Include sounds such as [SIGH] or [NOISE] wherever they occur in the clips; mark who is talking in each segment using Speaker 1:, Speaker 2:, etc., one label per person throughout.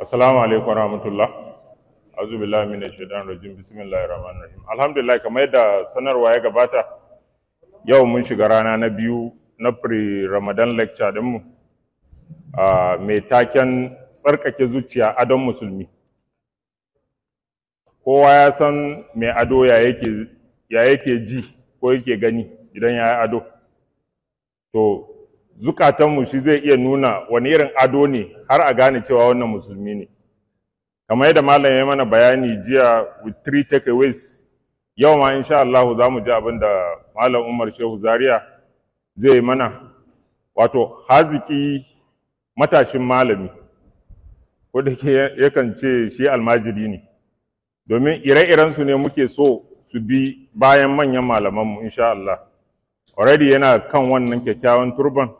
Speaker 1: assalamu alaikum rahmatullah azu billahi minash rajim bismillahir rahmanir rahim alhamdulillah kamar yadda sanarwa ya gabata yau mun shiga rana na biyu na pre ramadan lecture din mu mai taken tsarkake zuciya adon musulmi kowa ya san mai ado ya yake ya yake ji ko yake gani idan ya yi ado to zukatanmu shi zai iya nuna wani irin ado ne har a gane cewa wannan musulmi ne kamar yadda malam ya mana bayani jiya with three takeaways yau ma insha Allah za mu ji abin da malam Umar Shehu Zaria zai yi mana wato haziki matashin malami ko da yakan ce shi almajiri ne domin ire su ne muke so su bi bayan manyan malamanmu insha Allah already yana kan wannan kyakkyawan turban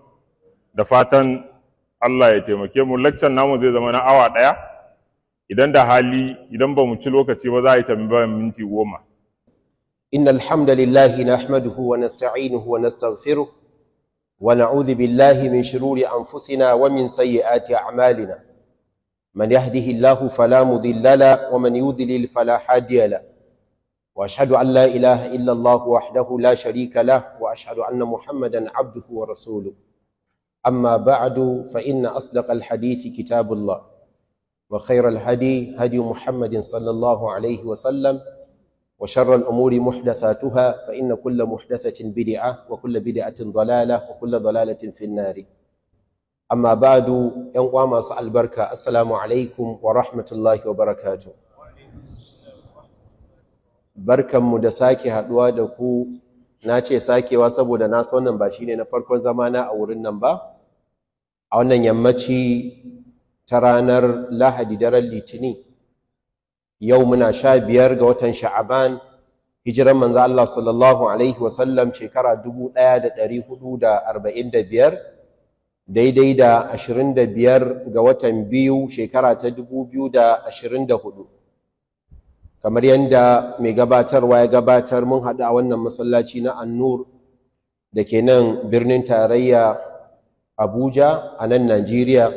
Speaker 1: da fatan Allah ya taimake mu laccan namu zai zama na awa ɗaya idan da hali idan ba mu ci lokaci ba za a yi tambayan minti goma.
Speaker 2: إن الحمد لله نحمده ونستعينه ونستغفره ونعوذ بالله من شرور أنفسنا ومن سيئات أعمالنا من يهده الله فلا مضل له ومن يضلل فلا هادي له وأشهد أن لا إله إلا الله وحده لا شريك له وأشهد أن محمدا عبده ورسوله أما بعد فإن أصدق الحديث كتاب الله وخير الهدي هدي محمد صلى الله عليه وسلم وشر الأمور محدثاتها فإن كل محدثة بدعة وكل بدعة ضلالة وكل ضلالة في النار أما بعد ينقوى ما سأل بركة السلام عليكم ورحمة الله وبركاته بركة مدساكي هدوا دكو na ce sakewa saboda na wannan ba shi ne na farkon zamana a wurin nan ba a wannan yammaci ta ranar lahadi daren litini yau muna sha biyar ga watan sha'aban hijiran manzo Allah sallallahu alaihi wasallam shekara biyar daidai da 25 ga watan biyu shekara ta da hudu kamar yadda mai gabatarwa ya gabatar mun haɗu a wannan masallaci na annur da ke nan birnin tarayya abuja a nan najeriya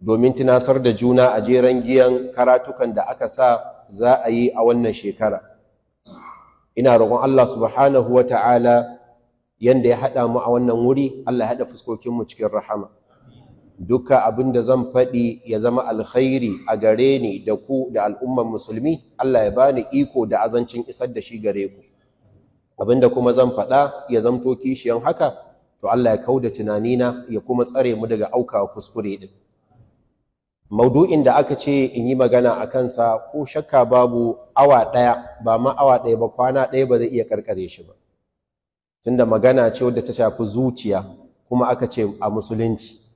Speaker 2: domin tunasar da juna a jeren giyan karatukan da aka sa za a yi a wannan shekara ina roƙon allah subhanahu wa ta'ala yadda ya haɗa mu a wannan wuri allah ya haɗa fuskokinmu cikin rahama duka abin da zan faɗi ya zama alkhairi a gare ni da ku da al'ummar musulmi Allah ya bani iko da azancin isar da shi gare ku abin da kuma zan faɗa ya zamto kishiyan haka to Allah ya kauda na ya kuma tsare mu daga aukawa kuskure din maudu'in da aka ce in yi magana a kansa ko shakka babu awa ɗaya ba ma awa ɗaya ba kwana ɗaya ba zai iya karkare shi ba tunda magana ce wadda ta shafi zuciya kuma aka ce a musulunci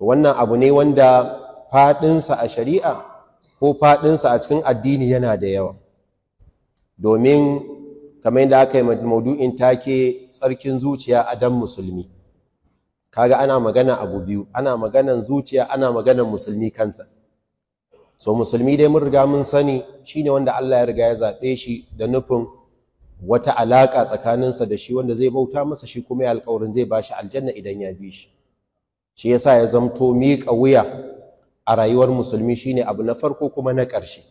Speaker 2: wannan abu ne wanda faɗinsa a shari'a ko faɗinsa a cikin addini yana da yawa domin kamar yadda aka yi maudu'in take tsarkin zuciya a dan musulmi kaga ana magana abu biyu ana maganan zuciya ana maganan musulmi kansa so musulmi dai mun riga mun sani shine wanda Allah ya riga ya zaɓe shi da nufin wata alaka tsakaninsa da shi wanda zai bauta masa shi kuma ya alƙawarin zai ba shi aljanna idan ya bi shi shi yasa ya zamto miƙa wuya a rayuwar musulmi shine abu na farko kuma na ƙarshe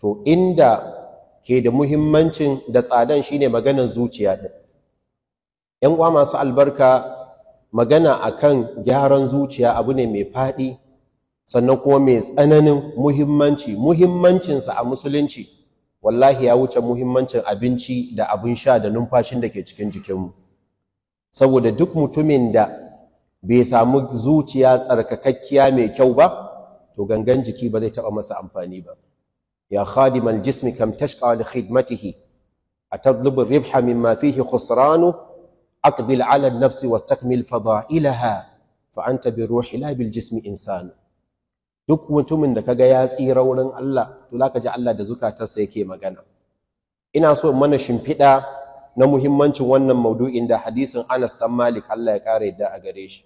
Speaker 2: to inda ke da muhimmancin da tsadan shine maganar zuciya ɗin. yan uwa masu albarka magana akan gyaran zuciya abu ne mai faɗi sannan kuma mai tsananin muhimmanci muhimmancinsa a musulunci wallahi ya wuce muhimmancin abinci da abin sha da numfashin da ke cikin jikinmu saboda duk mutumin da bai samu zuciya tsarkakakkiya mai kyau ba to gangan jiki ba zai taɓa masa amfani ba ya khadiman jismi kam tashqa li khidmatihi atadlubu ribha mimma fihi khusranu aqbil ala an-nafsi wastakmil fada'ilaha fa anta bi ruhi la bil jismi insanu duk mutumin da kaga ya tsira wurin Allah to zaka ji Allah da zukatarsa yake magana ina so in mana shimfiɗa na muhimmancin wannan maudu'in da hadisin Anas dan Malik Allah ya ƙara yadda a gare shi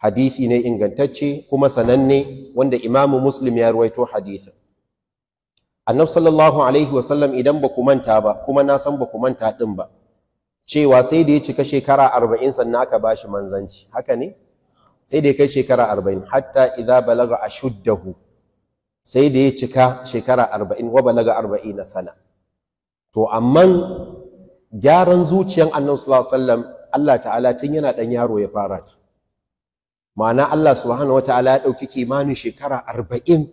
Speaker 2: Hadithi ne ingantacce kuma sananne wanda imamu muslim ya ruwaito hadisin annab sallallahu alaihi wasallam idan ba ku manta ba kuma na san ba ku manta din ba cewa sai da ya cika shekara arba'in sannan aka bashi manzanci haka ne sai da ya kai shekara arba'in hatta idza balaga ashuddahu sai da ya cika shekara arba'in wa balaga arba'in na sana to amma gyaran zuciyan annab sallallahu alaihi wasallam Allah ta'ala tun yana ɗan yaro ya fara ta ma'ana Allah subhanahu wata'ala ya ɗauki kimanin shekara arba'in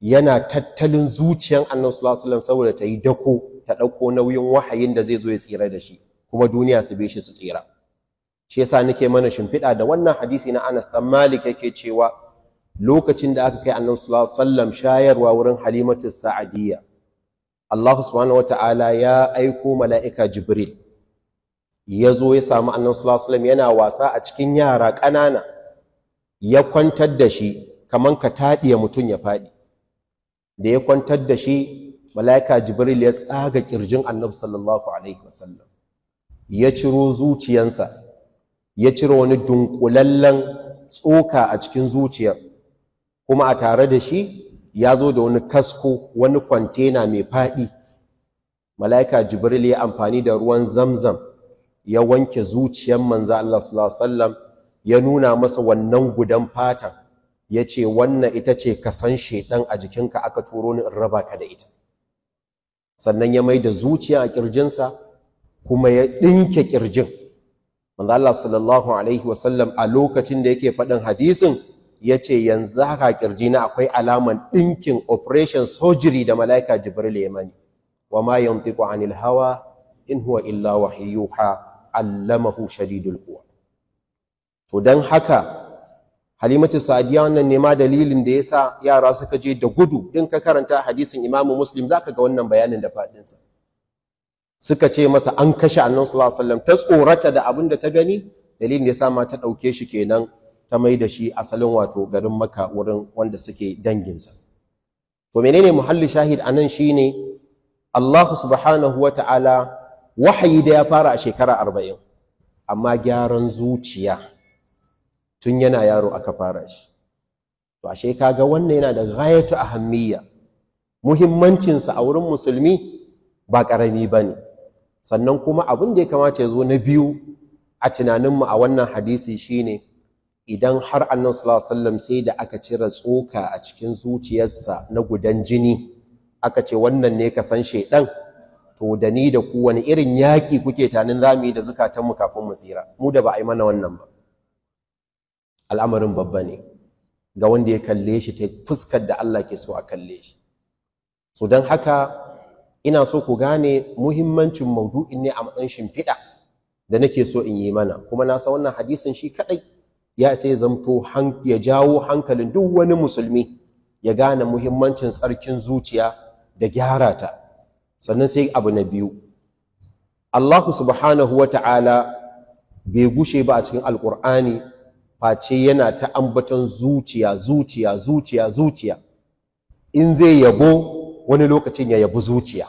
Speaker 2: yana tattalin zuciyan annabi sallallahu alaihi saboda ta yi dako ta ɗauko nauyin wahayin da zai zo ya tsira da shi kuma duniya su be shi su tsira shi yasa nake mana shimfiɗa da wannan hadisi na Anas dan Malik yake cewa lokacin da aka kai annabi sallallahu alaihi shayarwa wurin Halimatu Sa'adiyya Allah subhanahu wata'ala ya aiko mala'ika Jibril ya zo ya samu annabi sallallahu alaihi yana wasa a cikin yara ƙanana ya kwantar da shi kaman ka taɗiya mutum ya faɗi da ya kwantar da shi mala'ika jibril ya tsaga ƙirjin annabi sallallahu alaihi wasallam ya ciro zuciyansa ya ciro wani dunkulallen tsoka a cikin zuciyar kuma a tare da shi ya zo da wani kasko wani kwantena mai faɗi mala'ika jibril ya amfani da ruwan zamzam ya wanke zuciyar manzo Allah sallallahu alaihi wasallam ya nuna masa wannan gudan fatan ya ce wannan ita ce ka san shaidan a jikinka aka turo ni in raba ka da ita sannan ya mai da zuciya a ƙirjinsa kuma ya ɗinke ƙirjin manzo Allah sallallahu alaihi wasallam a lokacin da yake faɗin hadisin ya ce yanzu haka na akwai alaman ɗinkin operation surgery da mala'ika jibril ya mani wa ma yantiqu anil hawa in huwa illa wahyuha allamahu shadidul quwa to don haka halimatu sa'adiyya wannan ne ma dalilin da ya sa yara suka je da gudu din ka karanta hadisin imamu muslim zaka ga wannan bayanin da fadinsa suka ce masa an kashe annan sallallahu ta tsorata da abin da ta gani dalilin da yasa ma ta ɗauke shi kenan ta mai da shi asalin wato garin maka wurin wanda suke danginsa to menene muhalli shahid anan shine Allahu subhanahu wata'ala wahayi da ya fara a shekara arba'in amma gyaran zuciya tun yana yaro aka fara shi to ashe kaga wannan yana da ghayatu ahammiya muhimmancinsa a wurin musulmi ba karami ba sannan kuma abin da ya kamata ya zo na biyu a tunanin mu a wannan hadisi shine idan har annabi sallallahu sai da aka cire tsoka a cikin zuciyarsa na gudan jini aka ce wannan ne ka san shedan to da ni da ku wani irin yaki kuke tanin zamu yi da zukatanmu kafin mu tsira mu da ba a yi mana wannan ba al'amarin babba ne ga wanda ya kalle shi ta fuskar da Allah ke so a kalle shi so don haka ina so ku gane muhimmancin maudu'in ne a matsayin shimfiɗa da nake so in yi mana kuma na san wannan hadisin shi kaɗai ya isa ya zamto ya jawo hankalin duk wani musulmi ya gane muhimmancin tsarkin zuciya da gyara ta sannan sai abu na biyu Allah subhanahu wa ta'ala bai gushe ba a cikin alƙur'ani face yana ta ambaton zuciya zuciya zuciya zuciya in zai yabo wani lokacin ya yabi zuciya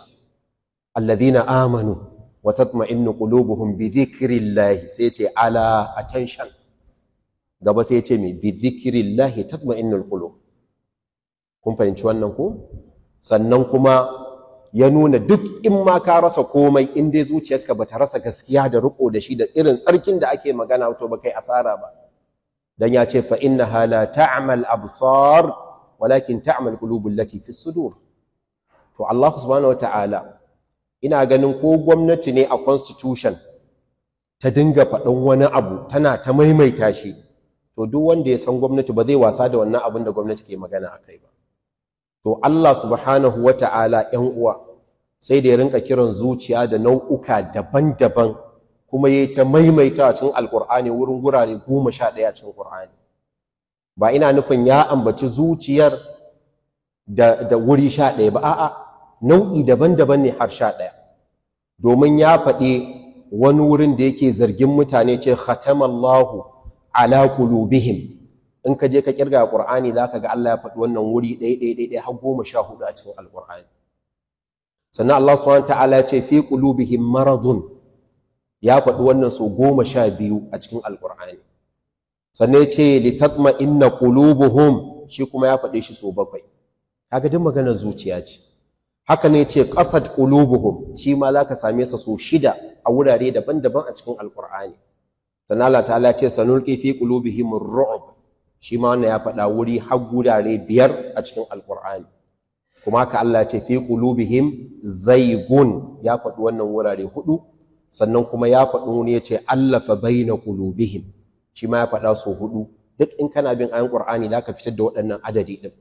Speaker 2: alladhina amanu wa tatma'innu qulubuhum bi dhikrillahi sai ce ala attention gaba sai ce mai bi dhikrillahi tatma'innu alqulub kun fahimci wannan ko sannan kuma ya nuna duk in ma ka rasa komai in dai zuciyarka bata rasa gaskiya da riko da shi da irin tsarkin da ake magana to ba kai asara ba dan ya ce fa inna la ta'mal absar walakin ta'mal qulubul lati fi sudur to Allah subhanahu wataala ina ganin ko gwamnati ne a constitution ta dinga faɗan wani abu tana ta maimaita shi to duk wanda ya san gwamnati ba zai wasa da wannan abin da gwamnati ke magana akai ba to Allah subhanahu wataala 'yan uwa sai da ya rinka kiran zuciya da nau'uka daban-daban kuma ya yi ta maimaita a cikin alkur'ani wurin gurare goma sha ɗaya a cikin ƙur'ani ba ina nufin ya ambaci zuciyar da, wuri sha ɗaya ba a'a nau'i daban-daban ne har sha ɗaya domin ya faɗi wani wurin da yake zargin mutane ce khatamallahu ala qulubihim in ka je ka kirga qur'ani ka ga Allah ya faɗi wannan wuri ɗaya ɗaya ɗaya har goma sha hudu a cikin alqur'ani sannan Allah subhanahu ta'ala ya ce fi qulubihim maradun ya faɗi wannan so goma sha biyu a cikin alƙur'ani sannan ya ce litatma inna qulubuhum shi kuma ya faɗe shi so bakwai kaga duk maganar zuciya ce haka ne ce qasad qulubuhum shi ma zaka same sa so shida a wurare daban-daban a cikin alƙur'ani sannan Allah ta'ala ce sanulqi fi qulubihim ar-ru'b shi ma wannan ya faɗa wuri har wurare biyar a cikin alƙur'ani kuma haka Allah ce fi qulubihim zaygun ya faɗi wannan wurare hudu sannan kuma ya faɗi wani ya ce allafa baina qulubihim shi ma ya faɗa so hudu duk in kana bin ayan qur'ani zaka fitar da waɗannan adadi din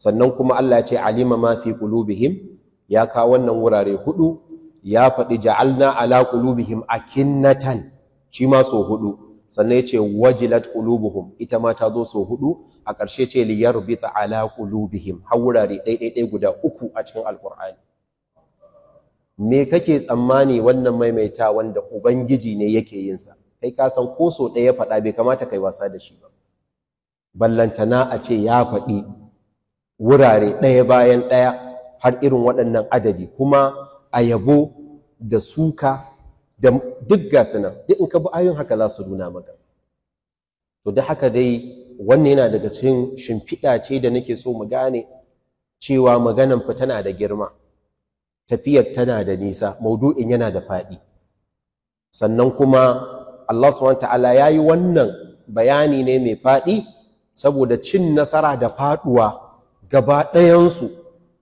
Speaker 2: sannan kuma Allah ya ce alima ma fi qulubihim ya kawo wannan wurare hudu ya faɗi ja'alna ala qulubihim akinnatan shi ma so hudu sannan ya ce wajilat qulubuhum ita ma ta zo so hudu a ƙarshe ce liyarbita ala qulubihim har wurare ɗaiɗaiɗai guda uku a cikin alqur'ani me kake tsammani wannan maimaita wanda ubangiji ne yake yin sa kai ka san ko so ɗaya faɗa bai kamata kai wasa da shi ba ballantana a ce ya faɗi wurare ɗaya bayan ɗaya har irin waɗannan adadi kuma a yabo da suka da duk gasu nan duk in ka bi ayon haka za su nuna maka to da haka dai wannan yana daga cikin shimfiɗa ce da nake so mu gane cewa maganan fa tana da girma tafiyar tana da nisa maudu'in yana da faɗi sannan kuma Allah subhanahu ta'ala ya yi wannan bayani ne mai faɗi saboda cin nasara da faɗuwa gaba ɗayansu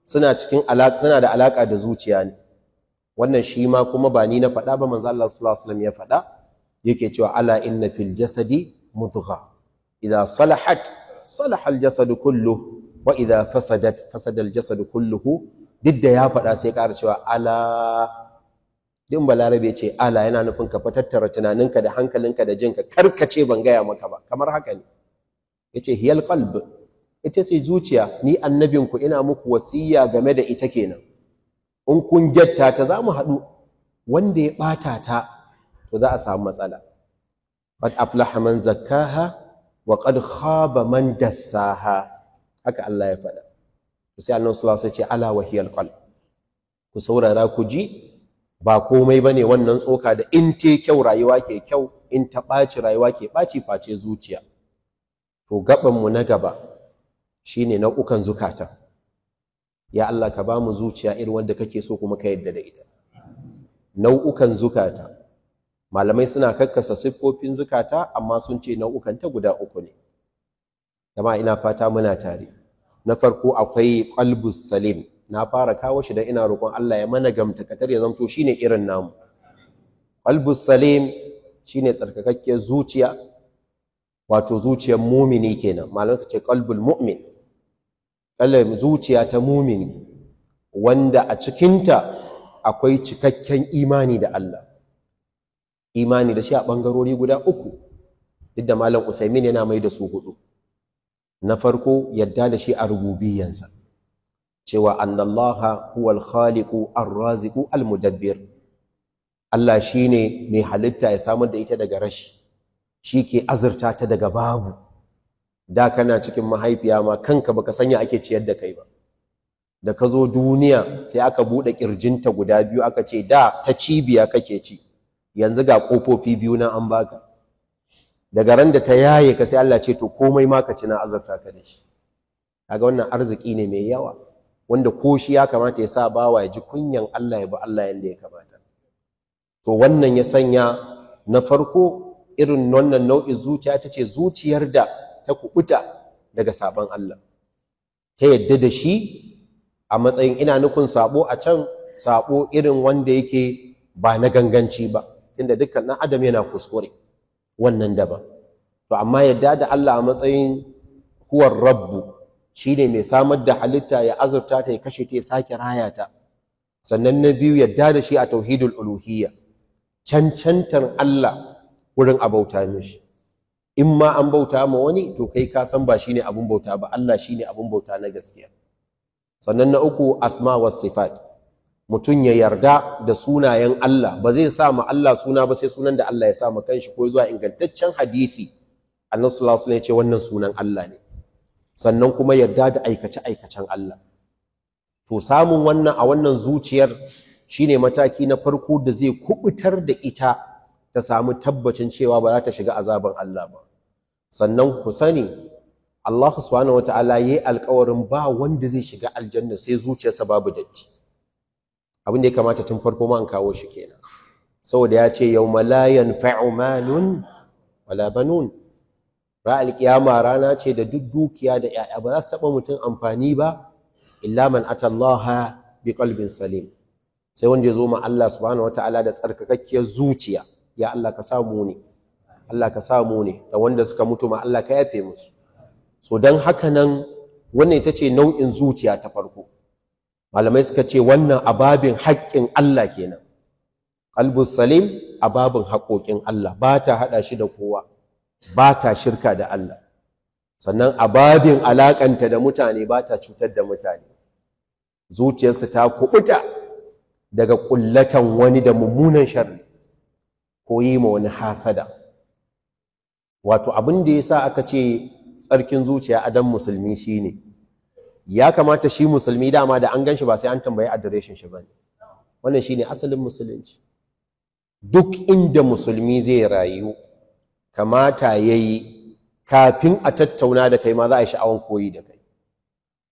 Speaker 2: suna cikin suna da alaƙa da zuciya ne wannan shi ma kuma ba ni na faɗa ba manzo Allah sallallahu alaihi wasallam ya faɗa yake cewa ala inna fil jasadi mudgha idza salahat salaha al jasadu kulluhu wa idza fasadat fasada al jasadu kulluhu duk da ya faɗa sai ƙara cewa ala din balarabe ce ala yana nufin ka fatattara tunaninka da hankalinka da jinka kar ka ce ban gaya maka ba kamar haka ne yace hiyal qalb ita ce zuciya ni annabinku ina muku wasiya game da ita kenan in kun gyatta ta za mu haɗu wanda ya ɓata ta to za a samu matsala qad aflaha man zakkaha wa qad khaba man dassaha haka Allah ya faɗa sai annabi sallallahu alaihi ce ala wahiyal kwal. ku saurara ku ji ba komai bane wannan tsoka da in te kyau rayuwa ke kyau in ta ɓaci rayuwa ke ɓaci face zuciya to gaban mu na gaba shine nau'ukan zukata. ya Allah ka ba mu zuciya irin wanda kake so kuma ka yadda da ita nau'ukan zukata malamai suna kakkasa siffofin zukata amma sun ce nau'ukan ta guda uku ne jama'a ina fata muna tare na farko akwai qalbus salim na fara kawo shi da ina roƙon Allah ya mana gamtakatar ya zamto ne irin namu qalbus salim shi ne tsarkakakken zuciya wato zuciyar mumini kenan malamai su ce qalbul mu'min zuciya ta mumini wanda a cikinta akwai cikakken imani da Allah imani da shi a ɓangarori guda uku duk da malam Usaimin yana mai da su hudu na farko yadda da shi a rububiyansa cewa annallaha huwal khaliqu ar-raziqu al-mudabbir Allah shine mai halitta ya samar da ita daga rashi shi ke azurta ta daga babu da kana cikin mahaifiya ma kanka baka sanya ake ciyar da kai ba da ka zo duniya sai aka buɗe ƙirjinta guda biyu aka ce da ta cibiya kake ci yanzu ga ƙofofi biyu na an baka daga ran da ta yaye ka sai Allah ce to komai ma ka ci na azarta ka da shi kaga wannan arziki ne mai yawa wanda ko shi ya kamata ya sa bawa ya ji kunyan Allah ya bi Allah yanda ya kamata to wannan ya sanya na farko irin wannan nau'in zuciya ta ce zuciyar da ta kubuta daga sabon Allah ta yadda da shi a matsayin ina nukun sabo a can sabo irin wanda yake ba na ganganci ba Inda dukkan na adam yana kuskure wannan daban to amma yadda da Allah a matsayin huwar rabbu shine mai samar da halitta ya azurta ta ya kashe ta ya sake raya ta sannan na biyu yadda da shi a tauhidul uluhiyya cancantar Allah wurin abauta mishi in ma an bauta ma wani to kai ka san ba shine abun bauta ba Allah shine abun bauta na gaskiya sannan na uku asma was sifat mutum ya yarda da sunayen Allah ba zai sa ma Allah suna ba sai sunan da Allah ya sa ma kanshi ko zuwa ingantaccen hadisi annabi sallallahu alaihi ya ce wannan sunan Allah ne sannan kuma yarda da aikace aikacen Allah to samun wannan a wannan zuciyar shine mataki na farko da zai kubutar da ita ta samu tabbacin cewa ba za ta shiga azaban Allah ba sannan ku sani Allah subhanahu wataala yayi alƙawarin ba wanda zai shiga aljanna sai zuciyarsa babu datti abin da ya kamata tun farko ma an kawo shi kenan saboda ya ce yau malayan fa'umalun wala banun ra'al kiyama rana ce da duk dukiya da ya'ya ba za su taɓa mutum amfani ba illa man atallaha bi qalbin salim sai wanda ya zo ma Allah subhanahu wataala da tsarkakakkiyar zuciya ya Allah ka samu ne Allah ka samu ne da wanda suka mutu ma Allah ka yafe musu so dan haka nan wannan ita ce nau'in zuciya ta farko malamai suka ce wannan ababin haƙƙin Allah kenan qalbus salim ababin haƙoƙin Allah ba ta haɗa shi da kowa ba ta shirka da Allah sannan ababin alaƙanta da mutane ba ta cutar da mutane Zuciyarsu ta kubuta daga ƙullatan wani da mummunan sharri ko yi ma wani hasada wato abin da ya sa aka ce tsarkin zuciya a dan musulmi shine ne ya kamata shi musulmi dama da an gan shi ba sai an tambayi adireshin shi ba ne wannan shi ne asalin musulunci duk inda musulmi zai rayu kamata ya yi kafin a tattauna da kai ma za a yi sha'awan koyi da kai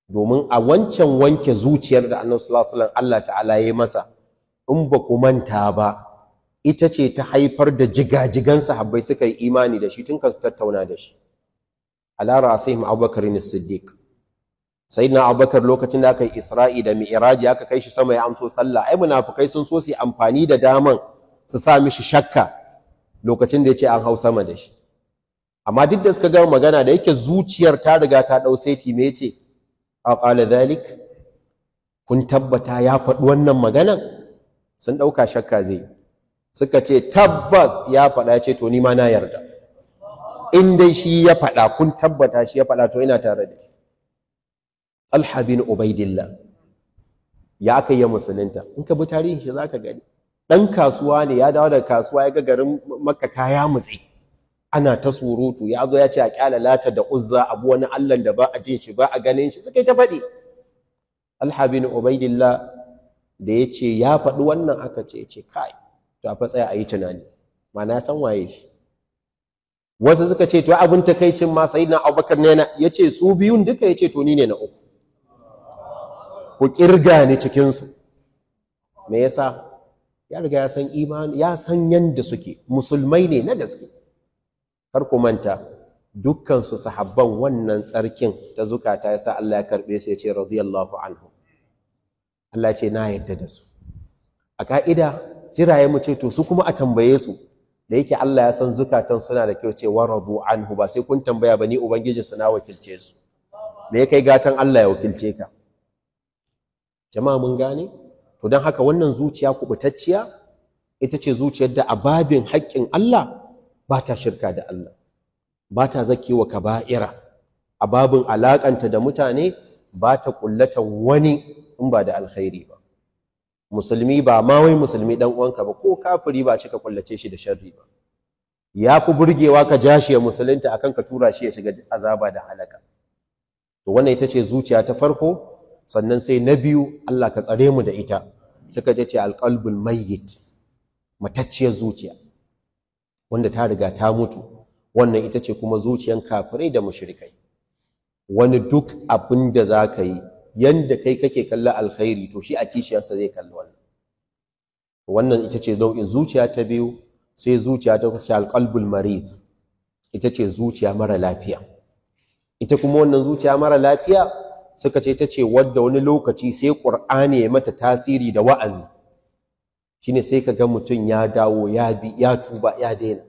Speaker 2: domin a wancan wanke zuciyar da annabi sallallahu Allah ta'ala ya masa in ba ku manta ba ita ce ta haifar da jigajigan sahabbai suka yi imani da shi tun kan su tattauna da shi ala ra'asihim abubakar siddiq sayyidina abubakar lokacin da aka yi isra'i da mi'iraji aka kai shi sama ya amso sallah ai munafukai sun so su amfani da daman su sa mishi shakka lokacin da ya ce an hau sama da shi amma duk da suka gama magana da yake zuciyar ta riga ta ɗau saiti me ce a ƙala dalik kun tabbata ya faɗi wannan maganan sun ɗauka shakka zai suka ce tabbas ya faɗa ce to ni ma na yarda in dai shi ya faɗa kun tabbata shi ya faɗa to ina tare da shi Talha bin Ubaidillah ya aka yi musulunta in ka bi tarihin shi zaka gani Ɗan kasuwa ne ya dawo daga kasuwa ya ga garin Makka ta ya mutse ana ta surutu ya zo ya ce a kyala lata da uzza abu wani allon da ba a jin shi ba a ganin shi suka yi ta faɗi Talha bin Ubaidillah da ya ce ya faɗi wannan aka ce ce kai to a fatsaya a yi tunani Mana ya san waye shi wasu suka ce to abin takaicin ma sayyidina Abubakar ne ya ce su biyun duka ya ce to ni ne na uku ku kirga ni cikinsu me yasa ya riga ya san imani ya san yanda suke musulmai ne na gaske kar ku manta dukkansu sahabban wannan tsarkin ta zukata ya sa Allah ya karbe su ya ce radiyallahu anhu Allah ce na yadda da su a ka'ida jiraye mu ce to su kuma a tambaye su da yake Allah ya san zukatan suna da kyau ce wa radu anhu ba sai kun tambaya ba ubangijin su na wakilce su me kai gatan Allah ya wakilce ka jama'a mun gane to don haka wannan zuciya kubutacciya ita ce zuciyar da a babin haƙƙin Allah ba ta shirka da Allah ba ta wa kaba'ira a babin alaƙanta da mutane ba ta ƙullata wani in ba da alkhairi ba musulmi ba ma wai musulmi ɗan uwanka ba ko kafiri ba cika kullace shi da sharri ba ya ku burgewa ka ja shi ya musulunta akan ka tura shi ya shiga azaba da halaka to wannan ita ce zuciya ta farko sannan sai na biyu Allah ka tsare mu da ita suka ce alqalbul mayyit matacciyar zuciya wanda ta riga ta mutu wannan ita ce kuma zuciyan kafirai da mushrikai wani duk abin da za ka yi yanda kai kake kalla alkhairi to shi a kishiyarsa zai kalli wannan wannan ita ce nau'in zuciya ta biyu sai zuciya ta kusa alqalbul marid ita ce zuciya mara lafiya ita kuma wannan zuciya mara lafiya suka ce ta ce wadda wani lokaci sai ƙur'ani ya mata tasiri da wa'azi shine sai ka ga mutum ya dawo ya bi ya tuba ya daina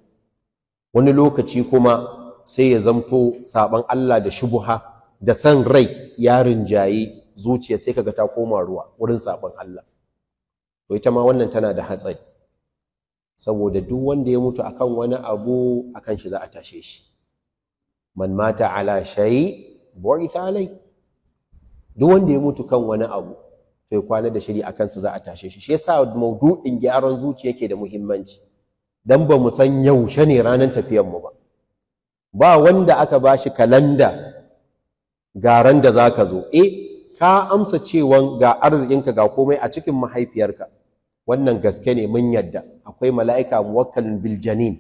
Speaker 2: wani lokaci kuma sai ya zamto saban Allah da shubuha da san rai ya rinjaye zuciya sai ka ga ta koma ruwa wurin saban Allah to ita ma wannan tana da hatsari saboda duk wanda ya mutu akan wani abu akan shi za a tashe shi man mata ala shay bu'itha alai duk wanda ya mutu kan wani abu to kwana da shiri a kansa za a tashe shi shi yasa maudu'in gyaran zuciya yake da muhimmanci dan ba mu san yaushe ne ranar tafiyar mu ba ba wanda aka bashi kalanda garan da zaka zo eh ka amsa cewan ga arzikinka ga komai a cikin mahaifiyarka wannan gaske ne mun yadda akwai mala'ika muwakkalin biljanin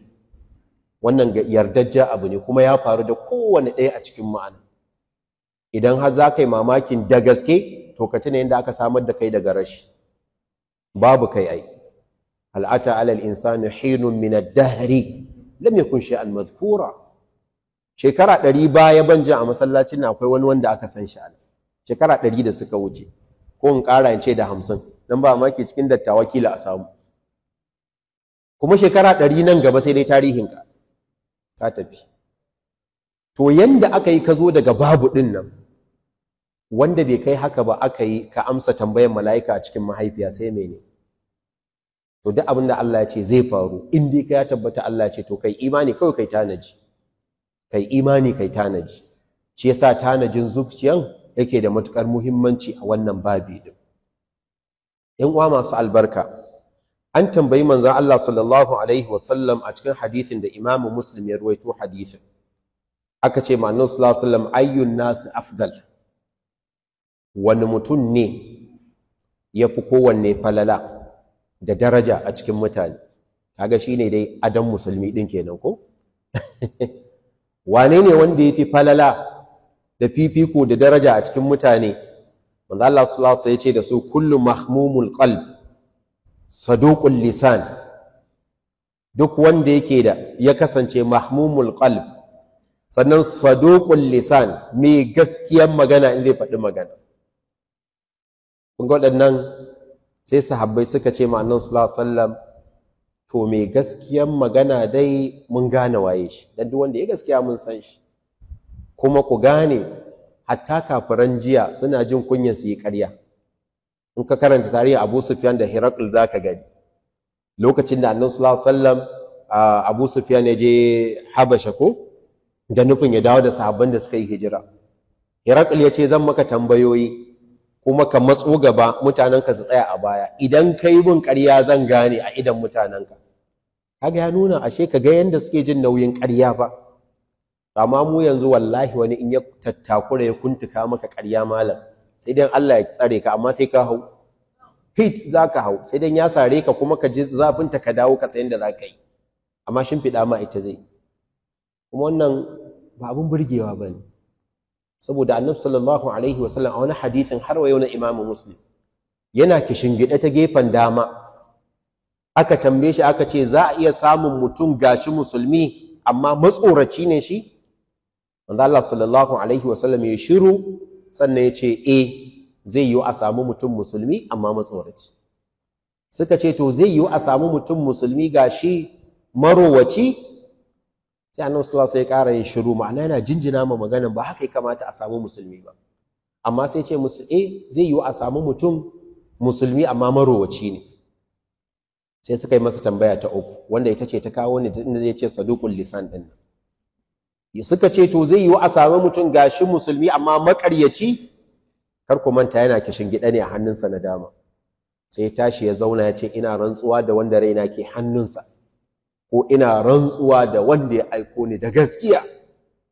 Speaker 2: wannan yardajja abu ne kuma ya faru da kowane ɗaya a cikin ma'ana idan har za ka yi mamakin da gaske to ka tuna yadda aka samar da kai daga rashi babu kai ai al'ata alal insani hinun min ad-dahri lam yakun shay'an shekara ɗari baya banja a masallacin na akwai wani wanda aka san shi shekara ɗari da suka wuce ko in ƙara in ce da hamsin dan ba maki cikin dattawa kila a samu kuma shekara ɗari nan gaba sai dai tarihin ka tafi to yanda aka yi ka zo daga babu ɗin nan wanda bai kai haka ba aka yi ka amsa tambayar mala'ika a cikin mahaifiya sai mene to duk abinda da Allah ya ce zai faru in dai ka ya tabbata Allah ya ce to kai imani kawai kai tanaji kai imani kai tanaji shi yasa tanajin zuciyan yake da matukar muhimmanci a wannan babi din yan uwa masu albarka an tambayi manzon Allah sallallahu alaihi wasallam a cikin hadisin da Imam Muslim ya ruwaito hadisin aka ce ma sallallahu alaihi wasallam ayyun nasu afdal wani mutum ne ya fi kowanne falala da daraja a cikin mutane kaga ne dai adam musulmi ɗin kenan ko [LAUGHS] wane ne wanda ya fi falala da fifiko da daraja a cikin mutane wanda Allah lasa ya ce da su kullu mahmumul qalb saduqul lisan duk wanda yake da ya kasance mahmumul qalb sannan saduqul lisan mai gaskiyar magana in zai faɗi magana kun waɗannan sai sahabbai suka ce ma annabi sallallahu to mai gaskiyan magana dai mun gane waye shi dan duk wanda ya gaskiya mun san shi kuma ku gane hatta kafiran jiya suna jin kunyar su yi karya. in ka karanta tarihin Abu Sufyan da Hiraqul zaka gani lokacin da annan sallallahu alaihi wasallam Abu Sufyan ya je Habasha ko da nufin ya dawo da sahabban da suka yi hijira Hiraqul ya ce zan maka tambayoyi kuma ka matso gaba mutanenka su tsaya a baya idan ka yi bin ƙarya zan gane a idan mutanenka kaga ya nuna ashe ka ga yadda suke jin nauyin ƙarya ba amma mu yanzu wallahi wani in ya tattakura ya kuntuka maka ƙarya malam sai dai Allah ya tsare ka amma sai ka hau za zaka hau sai dai ya sare ka kuma ka ji zafin ta ka dawo ka tsayin da zaka yi amma shimfiɗa ma ita zai kuma wannan ba abin burgewa bane saboda annabi sallallahu alaihi wasallam a wani hadithin har wa yau na imamu muslim yana kishin gida ta gefen dama aka tambaye shi aka ce za a iya samun mutum gashi musulmi amma matsoraci ne shi manzo Allah sallallahu alaihi wasallam ya shiru sannan ya ce eh zai yiwu a samu mutum musulmi amma matsoraci suka ce to zai yiwu a samu mutum musulmi gashi marowaci sai annabi sallallahu alaihi wasallam ya ƙara yin shiru ma'ana yana jinjina ma maganan ba haka ya kamata a samu musulmi ba amma sai ce musu eh zai yiwu a samu mutum musulmi amma marowaci ne sai suka yi masa tambaya ta uku wanda ita ce ta kawo ne da zai ce saduqul lisan din suka ce to zai yiwu a samu mutum gashi musulmi amma makaryaci kar ku manta yana kishin gida ne a hannunsa na dama sai ya tashi ya zauna ya ce ina rantsuwa da wanda raina ke hannunsa ko ina rantsuwa da wanda ya aiko ni da gaskiya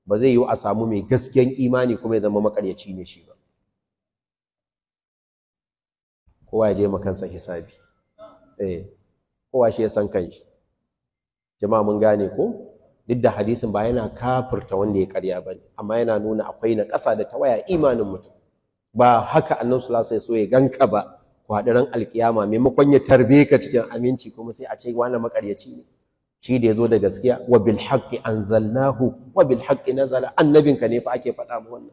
Speaker 2: ba zai yiwu a samu mai gaskiyan imani kuma ya zama makaryaci ne shi ba kowa ya je makansa hisabi eh kowa shi ya san kanshi jama'a mun gane ko duk da hadisin ba yana kafirta wanda ya karya ba ne amma yana nuna akwai na ƙasa da tawaya imanin mutum ba haka annabi sallallahu alaihi wasallam ya ganka ba kwadaran alkiyama maimakon ya tarbe ka cikin aminci kuma sai a ce wani makaryaci ne shi da ya zo da gaskiya wa bil haqqi anzalnahu wa bil haqqi annabinka ne fa ake faɗa ma wannan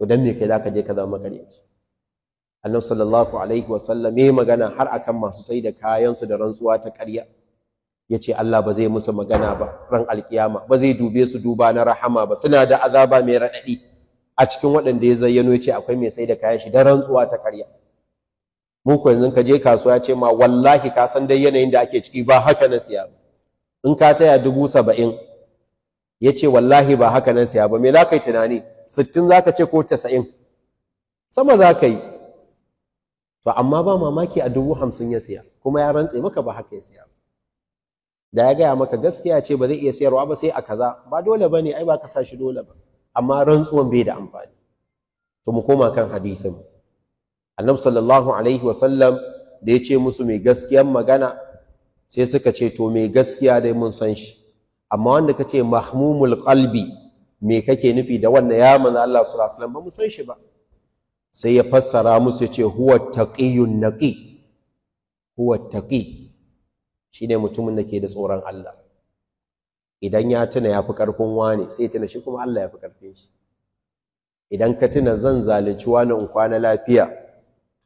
Speaker 2: to dan me kai zaka je ka zama makaryaci annabi sallallahu alaihi wa sallam yayi magana har akan masu sai da kayan su da rantsuwa ta ƙarya yace Allah ba zai musu magana ba ran alkiyama ba zai dube su duba na rahama ba suna da azaba mai raɗaɗi. a cikin waɗanda ya zayyano yace akwai mai sai da kayan shi da rantsuwa ta ƙarya mu ko yanzu ka je kasuwa ce ma wallahi ka san dai yanayin da ake ciki ba haka na siya ba in ka taya dubu saba'in ya ce wallahi ba haka nan siya ba me za ka yi tunani sittin za ka ce ko tasa'in sama za ka yi to amma ba mamaki a dubu hamsin ya siya kuma ya rantse maka ba haka ya siya da ya gaya maka gaskiya ce ba zai iya siyarwa ba sai a kaza ba dole ba ne ai ba ka sa shi dole ba amma rantsuwan bai da amfani to mu koma kan hadisin annabi sallallahu alaihi wasallam da ya ce musu mai gaskiyan magana sai suka ce to mai gaskiya dai mun san shi amma wanda ka ce mahmumul qalbi me kake nufi da wannan ya manzo Allah sallallahu alaihi wasallam ba mu san shi ba sai ya fassara musu ya ce huwa taqiyun naqi huwa taqi shine mutumin da ke da tsoron Allah idan ya tuna ya fi karfin wani sai ya tuna shi kuma Allah ya fi karfin shi idan ka tuna zan zalunci wani in kwana lafiya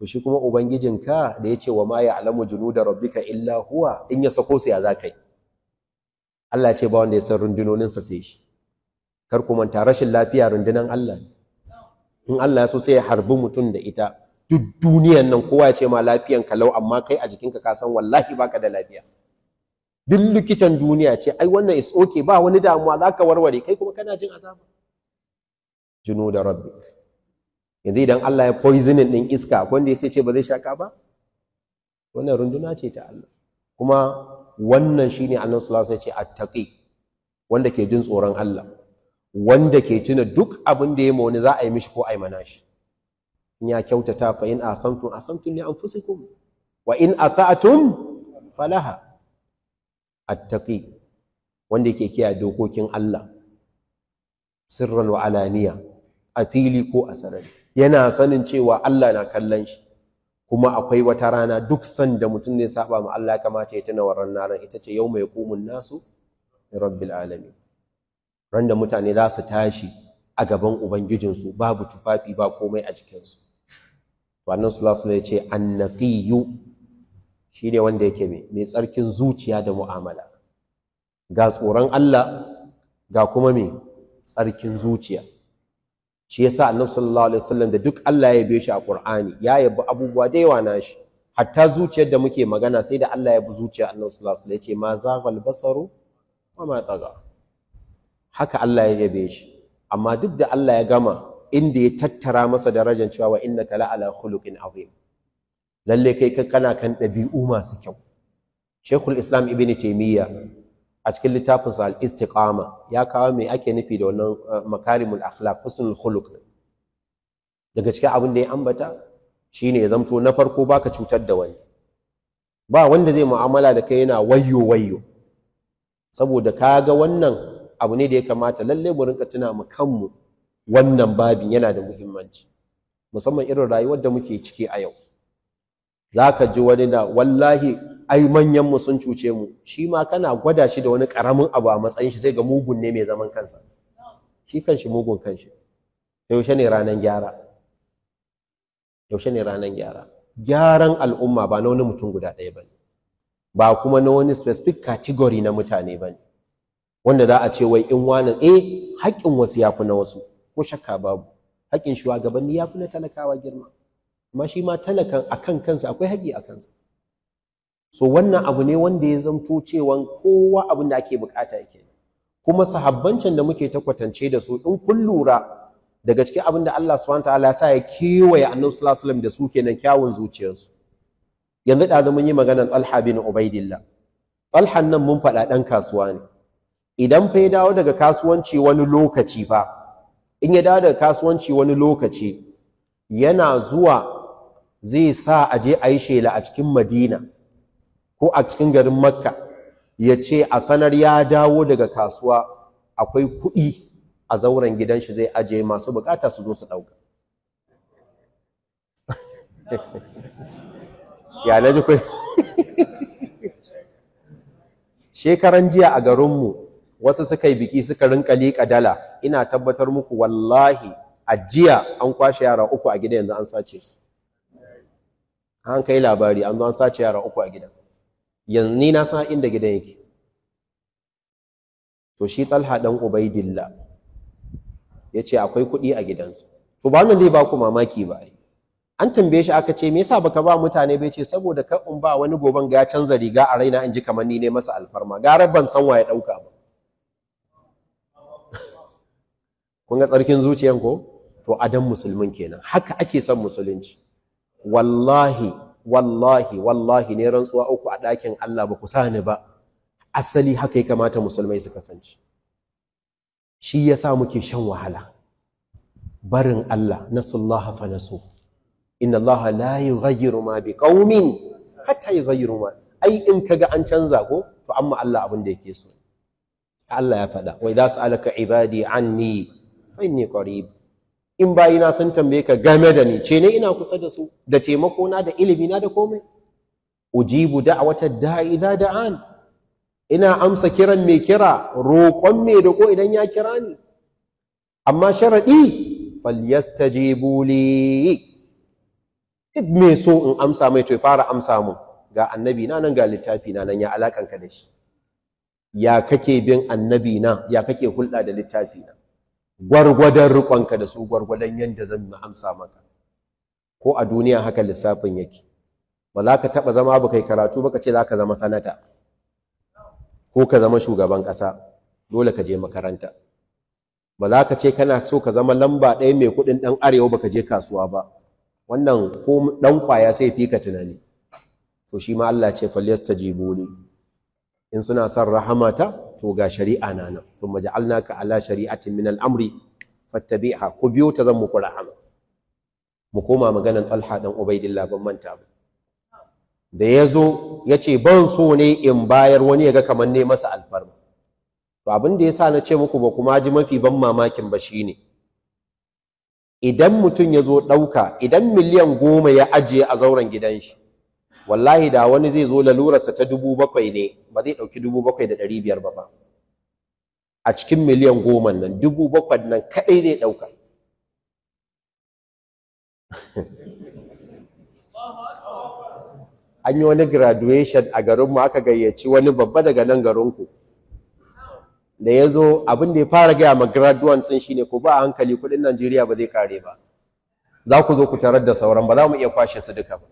Speaker 2: to shi kuma ubangijinka da ya ce wa ma ya'lamu junuda rabbika illa huwa in ya sako su ya ka yi Allah ce ba wanda ya san rundunoninsa sai shi kar ku manta rashin lafiya rundunan Allah ne in Allah ya so sai ya harbi mutum da ita duk duniyan nan kowa ya ce ma lafiyan kalau amma kai a jikinka ka san wallahi baka da lafiya duk likitan duniya ce ai wannan is okay ba wani damuwa zaka warware kai kuma kana jin azaba junuda rabbika yanzu idan Allah ya poisonin din iska wanda ya ce ba zai shaka ba wannan runduna ce ta Allah kuma wannan shine ne annan sulasa ya ce wanda ke jin tsoron Allah wanda ke tuna duk abin da ya wani za a yi mishi ko a yi mana shi in ya kyautata fa in asamtum ne an anfusikum wa in asa'tum falaha attaqi wanda yake kiyaye dokokin Allah sirran wa alaniya a fili ko a sarari yana sanin cewa Allah na kallon shi kuma akwai wata rana duk sanda mutum ne saba ma Allah kamata ya tuna wannan ranar ita ce yau mai kumun nasu rabbil alamin ran mutane za su tashi a gaban ubangijinsu babu tufafi ba komai a jikinsu wannan sulasu ya ce annaqiyu shi ne wanda yake mai tsarkin zuciya da mu'amala ga tsoron Allah ga kuma mai tsarkin zuciya shi yasa annabi sallallahu alaihi wasallam da duk Allah ya yabe shi a Qur'ani ya yabi abubuwa da yawa na shi hatta zuciyar da muke magana sai da Allah ya bi zuciyar annabi sallallahu alaihi wasallam ya ma zaghal basaru wa ma taga haka Allah ya yabe shi amma duk da Allah ya gama inda ya tattara masa darajar cewa wa innaka la ala khuluqin azim lalle kai kana kan dabi'u masu kyau Sheikhul Islam Ibn Taymiyyah a cikin littafin sa al ya kawo mai ake nufi da wannan eh, makarimul akhlaq husnul khuluq daga cikin abin da ya ambata shine ya zamto na farko baka cutar da wani ba wanda zai mu'amala da kai yana wayyo wayyo saboda kaga wannan abu ne da ya kamata lalle mu rinka tuna mu kanmu wannan babin yana da muhimmanci musamman irin rayuwar da muke ciki a yau zaka ji wani da wallahi ai manyan mu sun cuce mu shi ma kana gwada shi da wani karamin abu a matsayin shi sai ga mugun ne mai zaman kansa shi kanshi mugun kanshi yaushe ne ranan gyara yaushe ne ranan gyara gyaran al'umma ba na wani mutum guda ɗaya ba ne ba kuma na wani specific category na mutane ba ne wanda za a ce wai in wani eh haƙƙin wasu ya fi na wasu ko shakka babu haƙƙin shuwagabanni ya fi na talakawa girma amma shi ma talakan a kan kansa akwai haƙƙi a kansa so wannan abu ne wanda ya zamto cewa kowa abin da ake bukata yake kuma sahabbancin da muke ta kwatance da su in kun lura daga cikin abin da Allah subhanahu wataala ya sa ya kewaye Annabi sallallahu alaihi da su kenan kyawun zuciyarsu yanzu da mun yi maganar Talha bin Ubaidillah Talha nan mun faɗa ɗan kasuwa ne idan fa ya dawo daga kasuwanci wani lokaci fa in ya dawo daga kasuwanci wani lokaci yana zuwa zai sa a je a yi shela a cikin Madina ko a cikin garin makka ya ce a sanar ya dawo daga kasuwa akwai kuɗi a zauren gidan shi zai ajiye masu bukata su zo su ɗauka [LAUGHS] ya na ji [LAUGHS] shekaran jiya a garinmu wasu suka yi biki suka rinka liƙa dala ina tabbatar muku wallahi a jiya an kwashe yara uku a gida yanzu an sace su an kai labari an zo an sace yara uku a gidan yanzu ni na san inda gidan yake to shi talha dan ubaidillah ya akwai kuɗi a gidansa to ba zai ba ku mamaki ba an tambaye shi aka ce me yasa baka ba mutane bai yace saboda kar in ba wani goban ga canza riga a raina in ji kamar ni ne masa alfarma gara ban san waye dauka ba [LAUGHS] kun ga tsarkin zuciyan ko to adam musulmin kenan haka ake son musulunci wallahi wallahi wallahi ne rantsuwa uku a ɗakin Allah ba ku sani ba asali haka ya kamata musulmai su kasance shi yasa muke shan wahala barin Allah nasullaha fa nasu inna Allah la yughayyiru ma biqaumin hatta yughayyiru ma ai in kaga an canza ko to amma Allah abin da yake so Allah ya faɗa wa idza sa'alaka ibadi anni fa inni qarib in na san tambaye ka game da ni ce ne ina kusa da su da taimako na da ilimi na da komai ujibu wata da'i da an. ina amsa kiran mai kira roƙon mai da ko idan ya kira ni amma sharadi falyastajibu li duk mai so in amsa mai to fara amsa mu ga annabi na nan ga littafi na nan ya alakanka da shi ya kake bin annabi na ya kake hulɗa da littafi na gwargwadon rikonka da su gwargwadon yadda zan amsa maka ko a duniya haka lissafin yake ba za ka taɓa zama abu kai karatu ba ka ce za ka zama sanata ko ka zama shugaban ƙasa dole ka je makaranta ba za ka ce kana so ka zama lamba ɗaya mai kuɗin ɗan arewa ba ka je kasuwa ba wannan ko ɗan ƙwaya sai fi ka tunani to shi ma Allah ce falyasta jibuli in suna son rahamata to ga shari'a na nan sun maja'alnaka ala shari'atin min al'amri ko ku biyo ta zan muku rahama mu koma maganan talha dan ubaidillah ban manta ba da ya zo ya ce ban so ne in bayar wani ya ga kamar ne masa alfarma to abin da ya sa na ce muku ba kuma ji mafi ban mamakin ba shi ne. idan mutum ya zo ɗauka idan miliyan goma ya ajiye a zauren gidan shi wallahi da wani zai zo lalurarsa ta dubu bakwai ne ba zai ɗauki dubu bakwai da ɗari biyar ba ba a cikin miliyan goma nan dubu bakwai nan kaɗai zai ɗauka [LAUGHS] an yi wani graduation a garinmu aka gayyaci wani babba daga nan garinku da ya zo abin da ya fara gaya ma graduan ɗin shine ko ba a hankali kuɗin najeriya ba zai kare ba za ku zo ku tarar da sauran ba za mu iya kwashe su duka ba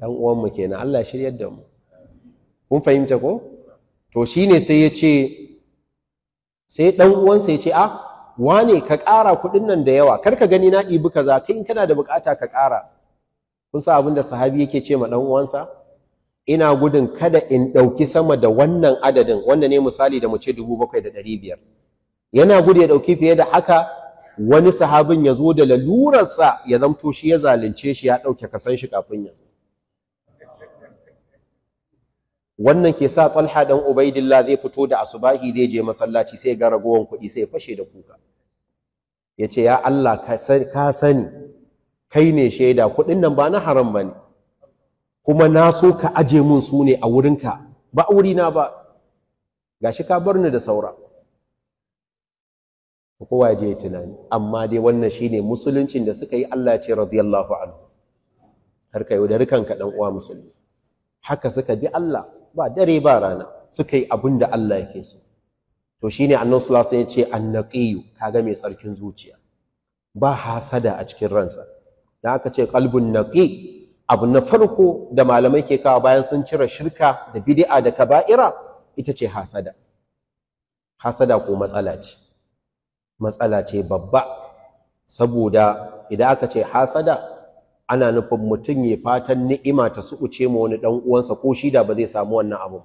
Speaker 2: dan uwanmu kenan Allah shiryar da mu kun fahimta ko to shine sai ya ce sai uwansa ya ce a ah, wane ka ƙara kuɗin nan da yawa kar ka gani na ɗibi kaza kai in kana da bukata ka ƙara kun sa abin da sahabi yake ce ma ɗan uwansa ina gudun kada in ɗauki sama da wannan adadin wanda ne misali da mu ce dubu bakwai da ɗari biyar yana gudu ya ɗauki fiye da haka wani sahabin ya zo da lalurarsa ya zamto shi ya zalunce shi ya ɗauke kasan shi kafin yanzu wannan ke sa Talha dan Ubaidillah zai fito da asubahi zai je masallaci sai ga ragowan kuɗi sai fashe da kuka Ya ce ya Allah ka sani kai ne shaida kuɗin nan ba na haram bane kuma na so ka aje mun su ne a wurinka ba wuri na ba gashi ka bar ni da saura kowa je tunani amma dai wannan shine musuluncin da suka yi Allah ya ce radiyallahu anhu har kai da rikanka dan uwa musulmi haka suka bi Allah ba dare ba rana suka yi abin da Allah ya yake so to shine annabi sallallahu alaihi wasallam ya ce annaqiyu kaga mai tsarkin zuciya ba hasada a cikin ransa da aka ce qalbun naqi abu na farko da malamai ke kawo bayan sun cire shirka da bidi'a da kaba'ira ita ce hasada hasada ko matsala ce matsala ce babba saboda idan aka ce hasada ana nufin mutum ya fatan ni'ima ta su uce ma wani dan uwansa ko shi da ba zai samu wannan ba.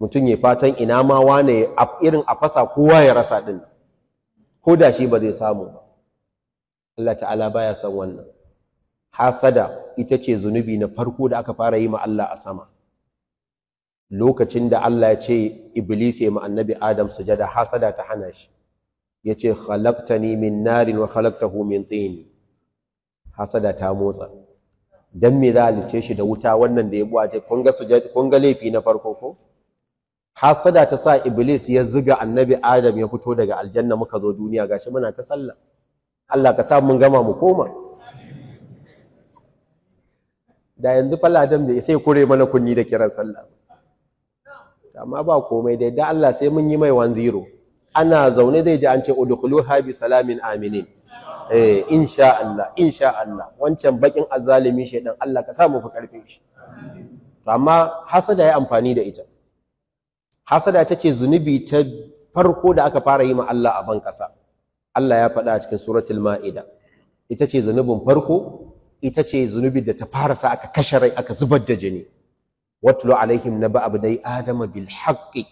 Speaker 2: mutum ya fatan ina ma wane irin a fasa kowa ya rasa din ko da shi ba zai samu ba Allah ta'ala baya san wannan hasada ita ce zunubi na farko da aka fara yi ma Allah a sama lokacin da Allah ya ce iblis ya ma annabi adam sujada hasada ta hana shi yace khalaqtani min narin wa khalaqtahu min tin hasada ta motsa dan me za a lice shi da wuta wannan da ya buwa ta kun ga laifi na farko ko hasada ta sa iblis ya ziga annabi adam ya fito daga aljanna muka zo duniya gashi muna ta sallah Allah ka sa mun gama mu koma da yanzu faladan bai sai kure mana kunni da kiran sallah amma ba komai da yadda Allah sai mun yi mai 1-0 ana zaune zai ji an ce udkhuluha bi salamin aminin eh insha Allah insha Allah wancan bakin azzalimi shedan Allah ka samu fa shi to amma hasada ya amfani da ita hasada tace ce zunubi ta farko da aka fara yi ma Allah a ban kasa Allah ya faɗa a cikin suratul ma'ida ita ce zunubin farko ita ce zunubin da ta fara sa aka kashe rai aka zubar da jini watlu alaihim naba abdai adama bil haqqi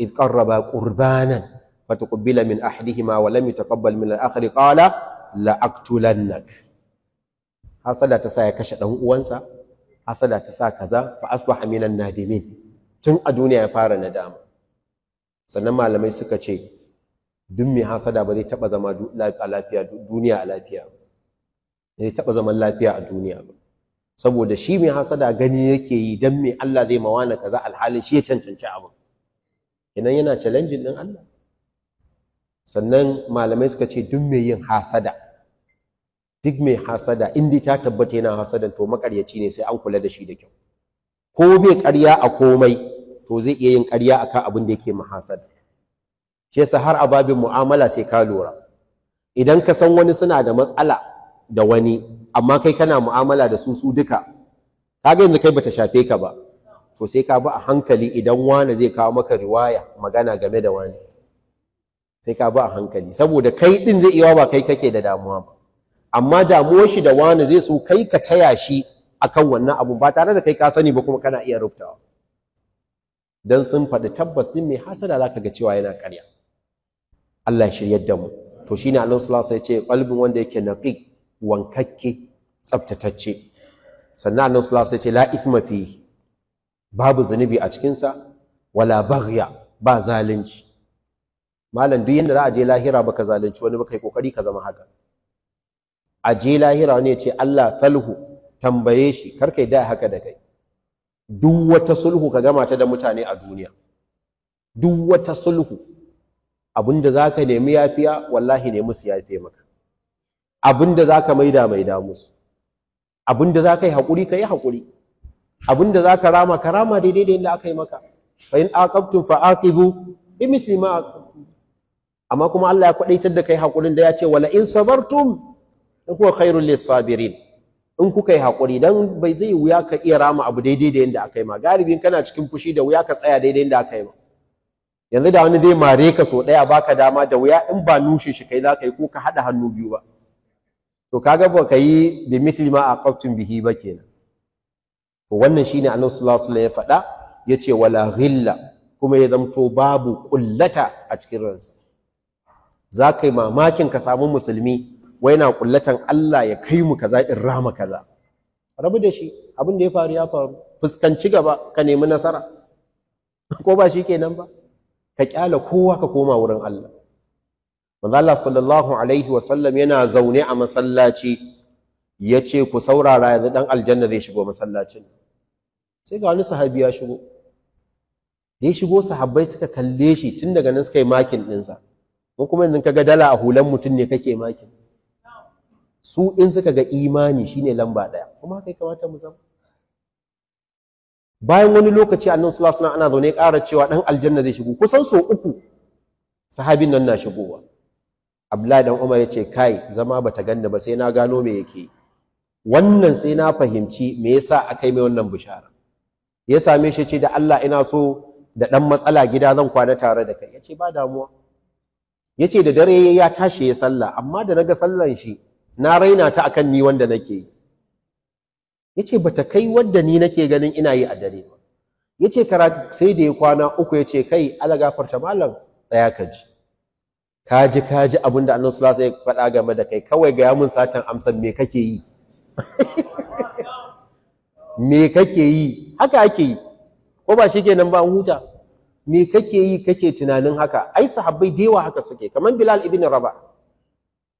Speaker 2: إذ قربا min فتقبل wa lam ولم يتقبل من الآخر قال la'aktulannak hasada ta sa ya kashe ɗan uwansa hasada ta sa kaza fa asbaha minan nadimin tun a duniya ya fara nadama sannan malamai suka ce duk mai hasada ba zai taɓa zama a lafiya duniya a lafiya zai taba zaman lafiya a duniya ba saboda shi mai hasada gani yake yi dan mai Allah zai mawana kaza alhalin shi ya cancanci abin idan yana challenging din Allah sannan malamai suka ce duk mai yin hasada duk mai hasada inda ta tabbata yana hasadan to makaryaci ne sai an kula da shi da kyau ko mai ƙarya a komai to zai iya yin ƙarya akan abin da yake mahasada shi yasa har a babin mu'amala sai ka lura idan ka san wani suna da matsala da wani amma kai kana mu'amala da su su duka kaga yanzu kai bata shafe ka ba to sai ka bi a hankali idan wani zai kawo maka riwaya magana game da wani sai ka ba a hankali saboda kai din zai iya ba kai kake da damuwa ba amma damuwar shi da wani zai so kai ka taya shi akan wannan abu? ba tare da kai ka sani ba kuma kana iya rubtawa dan sun faɗi tabbas din mai hasada zaka ga cewa yana karya. Allah ya shiryar da mu to shi na sallallahu alaihi wasallam ya ce qalbin wanda yake naqiq wankakke tsaftatacce sannan Allah sallallahu ya ce la ithma fi babu zunubi a cikinsa wala baghya ba zalunci malam duk yanda za a je lahira baka zalunci wani baka yi kokari ka zama haka a je lahira wani ya ce Allah salhu tambaye shi kar kai da haka da kai duk wata sulhu ka gama ta da mutane a duniya duk wata sulhu abinda zaka nemi yafiya wallahi ne musu yafe maka abinda zaka maida mai musu abinda zaka yi hakuri ka yi hakuri abinda zaka rama ka rama daidai da yadda aka yi maka fa in aqabtum fa aqibu bimithli ma amma kuma Allah ya kwadaitar da kai hakurin da ya ce wala in sabartum in kuwa khairul sabirin. in kuka yi hakuri dan bai zai wuya ka iya rama abu daidai da yanda aka yi ma galibin kana cikin fushi da wuya ka tsaya daidai da aka yi ma yanzu da wani zai mare ka so daya baka dama da wuya in ba nushe shi kai za ka yi ko ka haɗa hannu biyu ba to kaga ba ka yi bi mithli ma aqabtum bihi ba kenan to wannan shi ne sallallahu alaihi wasallam ya faɗa yace wala ghilla kuma ya zamto babu kullata a cikin ransa za ka yi mamakin ka samu musulmi wai na kullatan Allah ya kai mu kaza in rama kaza rabu da shi abin da ya faru ya faru fuskanci gaba ka nemi nasara [LAUGHS] ko ba shi kenan ba ka kyala kowa ka koma wurin Allah manzo Allah sallallahu alaihi wa sallam yana zaune a masallaci yace ku saurara yanzu dan aljanna zai shigo masallacin sai ga wani sahabi ya shigo da ya shigo sahabbai suka kalle shi tun daga nan suka yi makin ɗinsa mun kuma yanzu ga dala a hulan mutum ne kake makin su in suka ga imani shine lamba ɗaya kuma haka kamata mu zama bayan wani lokaci a nan alaihi ana zaune ƙara cewa dan aljanna zai shigo kusan so uku sahabin nan na shigowa Abdullahi dan Umar yace kai zama bata ganni ba sai na gano me yake wannan sai na fahimci me yasa akai mai wannan bishara ya same shi ce da Allah ina so da dan matsala gida zan kwana tare da kai yace ba damuwa yace da dare ya tashi ya salla amma da naga sallan shi na raina ta akan ni wanda nake yi yace bata kai wanda ni nake ganin ina yi a dare ba yace kara sai da ya kwana uku ya ce kai ala gafarta malam tsaya ka ji ka ji ka ji abin da annabi sallallahu alaihi wasallam ya faɗa game da kai kawai ga yamin satan amsan me kake yi [LAUGHS] me kake yi haka ake yi ko ba shikenan ba an huta me kake yi kake tunanin haka ai sahabbai da yawa haka suke kamar Bilal ibn Rabah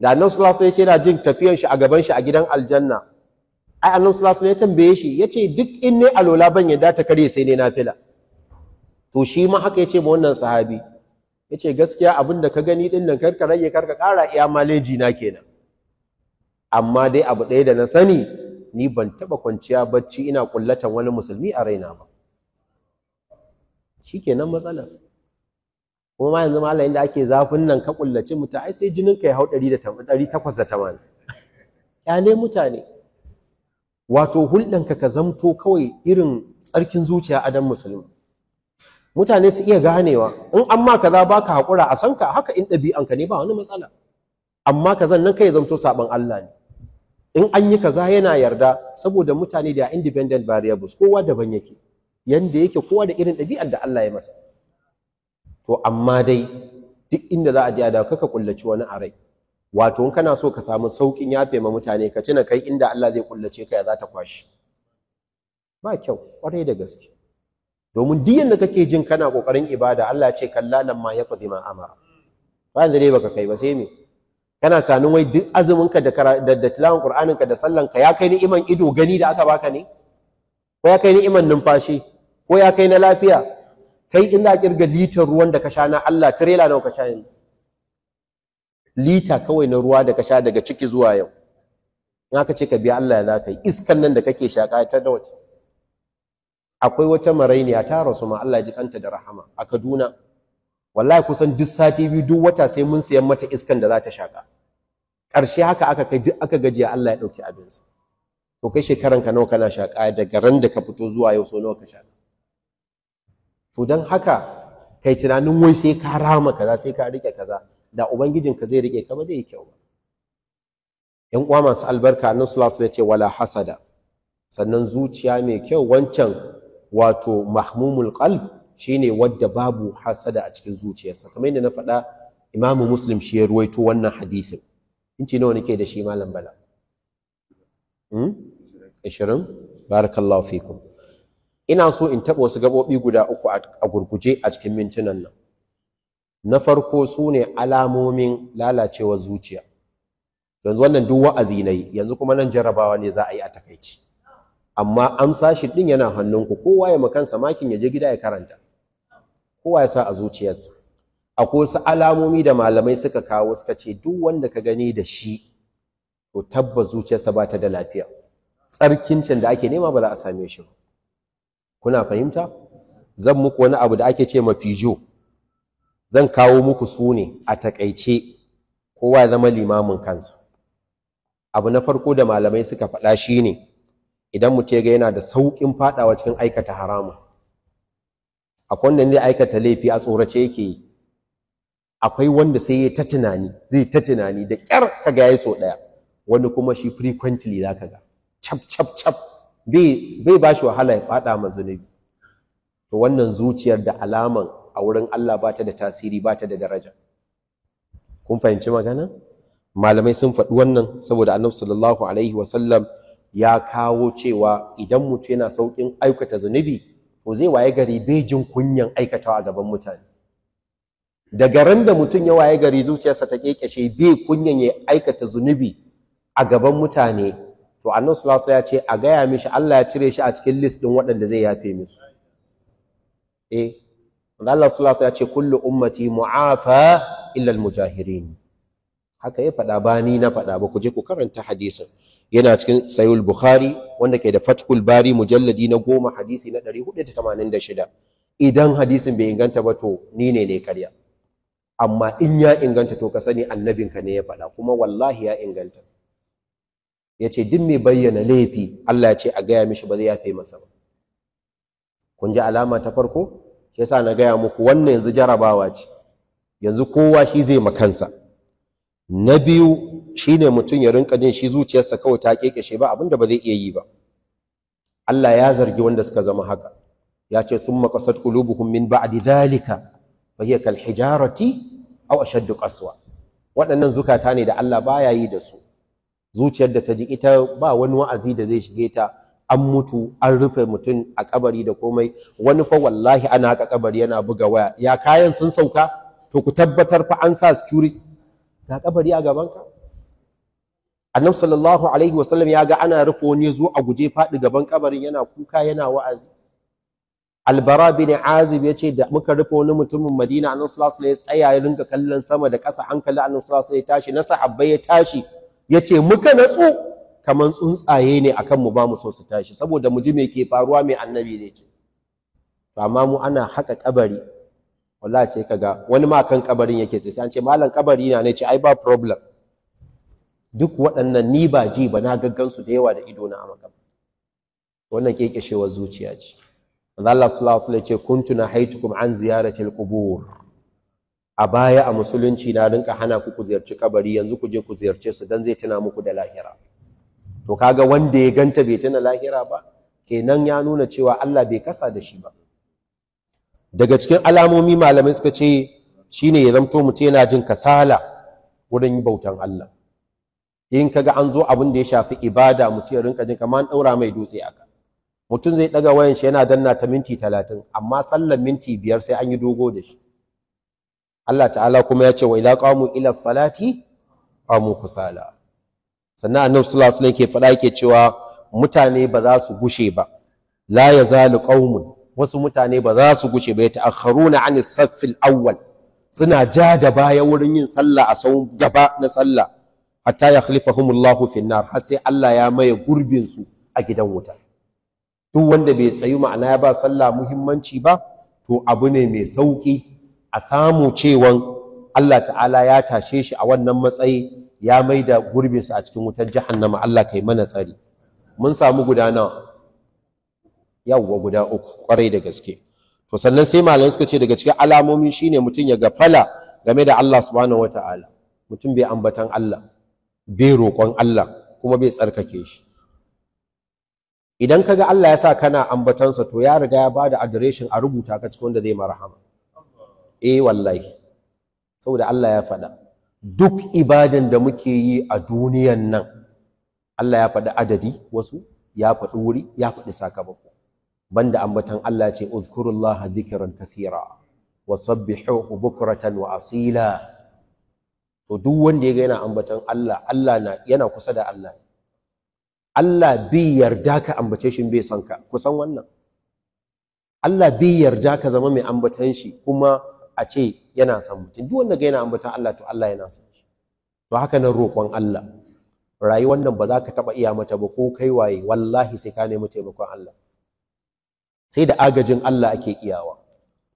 Speaker 2: da Annabi sallallahu alaihi wasallam ya ce jin tafiyan shi a gaban shi a gidan aljanna ai Annabi sallallahu alaihi wasallam ya tambaye shi Ya ce duk in ne alola ban yadda ta kare sai ne nafila to shi ma haka ya ce ma wannan sahabi Ya ce gaskiya abin da ka gani din nan karka rage karka kara iya maleji na kenan amma dai abu ɗaya da na sani ni ban taɓa kwanciya bacci ina kullatan wani musulmi a raina ba shikenan matsalarsa kuma ma yanzu malam inda ake zafin nan ka kullace mutu ai sai jinin ka ya hau 180 ne mutane wato hulɗan ka zamto kawai irin tsarkin zuciya adam musulmi mutane su iya ganewa in an ma kaza baka haƙura a san ka haka in ɗabi'anka ne ba wani matsala amma kazan nan kai zamto sabon Allah ne in an yi kaza yana yarda saboda mutane da independent variables kowa daban yake yanda yake kowa da irin ɗabi'ar da Allah ya masa to amma dai duk inda za a je a dawo kaka kullaci wani a rai wato in kana so ka samu saukin yafe ma mutane ka cina kai inda Allah zai kullace ka ya za ta kwashi ba kyau kwarai da gaske domin duk yanda kake jin kana ƙoƙarin ibada Allah ya ce kalla nan ma ya qadi ma amara ba yanzu dai baka kai ba sai me kana tunanin wai duk azumin da da tilawan qur'anin ka da sallan ka ya kai ni iman ido gani da aka baka ne ko ya kai ni'imar numfashi ko ya kai na lafiya kai in za a kirga litar ruwan da ka sha na Allah tirela nawa ka sha yanzu lita kawai na ruwa da ka sha daga ciki zuwa yau in aka ce ka biya Allah ya za ka yi iskan nan da kake shaƙa ta da wace akwai wata marainiya ta rasu ma Allah ji kanta da rahama a Kaduna wallahi kusan duk sati biyu duk wata sai mun siyan mata iskan da za ta shaka ƙarshe haka aka kai duk aka gajiya Allah ya ɗauki abinsa to kai shekaran ka nawa kana shaƙa daga ran da ka fito zuwa yau sau nawa ka sha to dan haka kai tunanin wai sai ka rama kaza sai ka rike kaza da ubangijin ka zai rike ka ba zai yi kyau ba yan uwa masu albarka nan su lasu ce wala hasada sannan zuciya mai kyau wancan wato mahmumul qalb shine wadda babu hasada a cikin zuciyarsa kamar yadda na faɗa imamu muslim shi ya ruwaito wannan hadisin minti nawa nake da shi malam bala hmm? ashirin barakallahu ina so in taɓa wasu gaɓoɓi guda uku a gurguje a cikin mintunan nan na farko su ne alamomin lalacewar zuciya yanzu wannan duk wa'azi na yi yanzu kuma nan jarabawa ne za a yi a takaici amma amsa shi ɗin yana hannunku kowa ya makansa makin ya je gida ya karanta kowa ya sa a zuciyarsa akwai wasu alamomi da malamai suka kawo suka ce duk wanda ka gani da shi to tabbas zuciyarsa ba ta da lafiya tsarkincin da ake nema ba za a same shi ba kuna fahimta zan muku wani abu da ake ce mafijo zan kawo muku su ne a takaice kowa ya zama limamin kansa abu na farko da malamai suka faɗa shi ne idan mutum ga yana da sauƙin faɗawa cikin aikata haramun akwai wanda zai aikata laifi a tsorace yake yi akwai wanda sai ya ta tunani zai ta tunani da ƙyar kaga ya so ɗaya wani kuma shi frequently za ka ga cap bai ba shi wahala ya fada ma zunubi to wannan zuciyar da alaman a wurin Allah ba ta da tasiri ba ta da daraja kun fahimci magana malamai sun faɗi wannan saboda annabi sallallahu alaihi wasallam ya kawo cewa idan mutum yana saukin aikata zunubi to zai waye gari bai jin kunyan aikatawa a gaban mutane daga ran da mutum ya waye gari zuciyarsa ta kekeshe bai kunyan ya aikata zunubi a gaban mutane to annabi sallallahu ya ce a gaya mishi Allah ya cire shi a cikin list din waɗanda zai yafe musu eh Allah sallallahu ya ce kullu ummati mu'afa illa al-mujahirin haka ya faɗa ba ni na faɗa ba ku je ku karanta hadisin yana cikin sayul bukhari wanda ke da fatkul bari mujalladi na goma hadisi na 486 idan hadisin bai inganta ba to ni ne ne karya amma in ya inganta to ka sani annabinka ne ya faɗa kuma wallahi ya inganta ya ce duk mai bayyana laifi Allah ya ce a gaya mishi ba zai yafe masa ba kun ji alama ta farko shi yasa na gaya muku wannan yanzu jarabawa ce yanzu kowa shi zai makansa na biyu shine mutum ya rinka jin shi zuciyarsa kawai ta kekeshe ba abinda ba zai iya yi ba Allah ya zargi wanda suka zama haka ya ce summa qasat qulubuhum min ba'di dhalika fa hiya kal hijarati aw ashaddu qaswa waɗannan zukata ne da Allah baya yi da su zuciyar da ta ji ita ba wani wa'azi da zai shige ta an mutu an rufe mutum a kabari da komai wani fa wallahi ana haka kabari yana buga waya ya kayan sun sauka to ku tabbatar fa an sa security ga kabari a gaban ka? annabi sallallahu alaihi wasallam ya ga ana rufe wani zo a guje faɗi gaban kabarin yana kuka yana wa'azi albara bin azib ya ce da muka rufe wani mutumin madina annabi sallallahu alaihi wasallam ya tsaya ya rinka kallon sama da ƙasa hankali annabi sallallahu alaihi wasallam ya tashi na sahabbai ya tashi Ya ce muka natsu Kamar tsuntsaye ne akan mu ba mu so su tashi saboda mu ji me ke faruwa mai annabi ne ce to amma mu ana haka kabari wallahi sai kaga wani ma kan kabarin yake ce sai an ce malam kabari na ne ce ai ba problem duk waɗannan ni ba ji ba na gaggansu da yawa da ido na amaka wannan kekeshewar zuciya ce Allah sallallahu alaihi wasallam ce kuntu an ziyaratil qubur a baya a musulunci na rinka hana ku ku ziyarci kabari yanzu ku je ku ziyarce su dan zai tuna muku da lahira to kaga wanda ya ganta bai tuna lahira ba kenan ya nuna cewa Allah bai kasa da shi ba daga cikin alamomi malamai suka ce shine ya zamto mutum yana jin kasala wurin bautan Allah in kaga an zo abin da ya shafi ibada mutum ya rinka jin kamar an daura mai dutse aka mutum zai daga wayan shi yana danna ta minti talatin amma sallan minti biyar sai an yi dogo da shi Allah ta'ala kuma ya ce wa idza qamu ila salati qamu kusala sannan annabi sallallahu alaihi wasallam ke faɗa yake cewa mutane ba za su gushe ba la yazalu qaumun wasu mutane ba za su gushe ba yata'akharuna 'anis saffil awwal suna ja da baya wurin yin sallah a sau gaba na sallah hatta yakhlifahumullahu fin nar har sai Allah ya maye gurbin su a gidan wuta duk wanda bai tsayu ma'ana ya ba sallah muhimmanci ba to abu ne mai sauki a samu cewan Allah ta'ala ya tashe shi a wannan matsayi ya mai da gurbinsa a cikin wutar nama. Allah kai mana tsari mun samu guda nawa yawwa guda uku kwarai da gaske to sannan sai malamai suka ce daga cikin alamomi shine mutum ya gafala game da Allah subhanahu wataala mutum bai ambatan Allah bai roƙon Allah kuma bai tsarkake shi idan kaga Allah ya sa kana ambatansa to ya riga ya bada adireshin a rubuta ka cikin wanda zai marhama eh wallahi saboda Allah ya faɗa duk ibadan da muke yi a duniyan nan Allah ya faɗi adadi wasu ya faɗi wuri ya faɗi sakamako banda ambatan Allah ce uzkurullaha dhikran kathira wa sabbihuhu bukratan wa asila to duk wanda yaga yana ambatan Allah Allah na yana kusa da Allah Allah bi yarda ka ambace shi bai san ka kusan wannan Allah bi yarda ka zama mai ambatan shi kuma a ce yana son mutum duk wanda ga yana ambatan Allah to Allah yana son shi to haka nan roƙon Allah rayuwar nan ba za ka taɓa iya mata ba ko kai waye wallahi sai ka nemi taimakon Allah sai da agajin Allah ake iyawa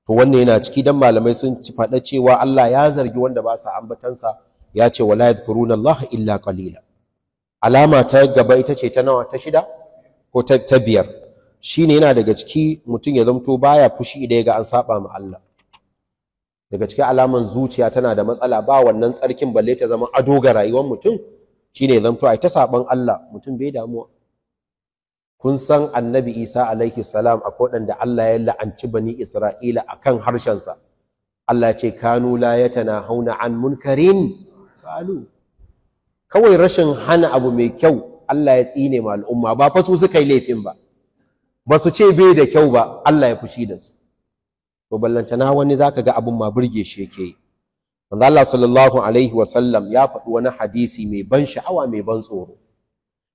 Speaker 2: to wannan yana ciki dan malamai sun ci faɗa cewa Allah ya zargi wanda ba sa ambatansa ya ce wala yadhkuruna Allah illa qalila alama ta gaba ita ce ta nawa ta shida ko ta biyar shine yana daga ciki mutum ya zamto baya fushi idan ya ga an saba ma Allah daga cikin alaman zuciya tana da matsala ba wannan tsarkin balle ta zama ado ga rayuwar mutum shine zanto ai ta saban Allah mutum bai damuwa kun san annabi Isa alaihi salam akwai waɗanda Allah ya la'anci bani Isra'ila akan harshensa Allah ya ce kanu la hauna an munkarin qalu kawai rashin hana abu mai kyau Allah ya tsine ma al'umma ba fa su suka yi laifin ba ba su ce bai da kyau ba Allah ya fushi da su to na wani zaka ga abin ma burge shi yake yi manzo Allah sallallahu alaihi wa sallam ya faɗi wani hadisi mai ban sha'awa mai ban tsoro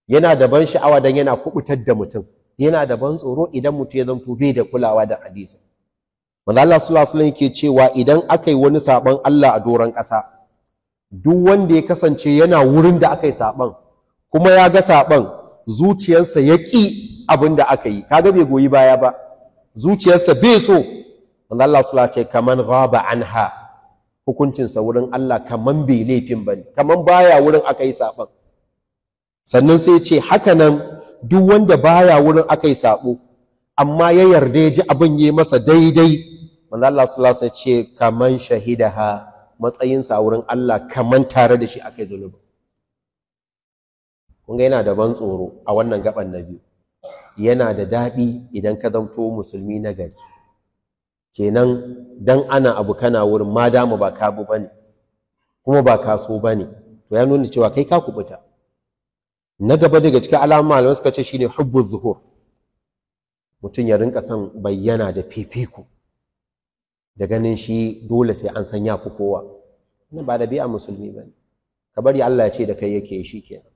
Speaker 2: yana da ban sha'awa dan yana kubutar da mutum yana da ban tsoro idan mutum ya zanto bai da kulawa da hadisi manzo Allah sallallahu alaihi wa yake cewa idan aka yi wani saban Allah a doron ƙasa duk wanda ya kasance yana wurin da aka yi saban kuma ya ga saban zuciyarsa ya ƙi abin da aka yi kaga bai goyi baya ba zuciyarsa bai so wanda Allah sallallahu ce kaman ghaba anha hukuncinsa wurin Allah kaman bai laifin ne. kaman baya wurin aka yi sannan sai ce hakanan duk wanda baya wurin aka yi sabo amma ya yarda ya ji abin yi masa daidai wanda Allah su ce kaman shahidaha matsayinsa wurin Allah kaman tare da shi akai zulubi kun ga yana da ban tsoro a wannan gaban na biyu yana da daɗi idan ka zamto musulmi na gari kenan dan ana abu kana wurin ma dama ba ka bu bane kuma ba ka so bane to ya nuna cewa kai ka kubuta na gaba daga cikin alamun malamai suka ce shine hubbu zuhur mutum ya rinka san bayyana da fifiku. da ganin shi dole sai an san ya kowa wannan ba da dabi'a musulmi bane ka bari Allah ya ce da kai yake shi kenan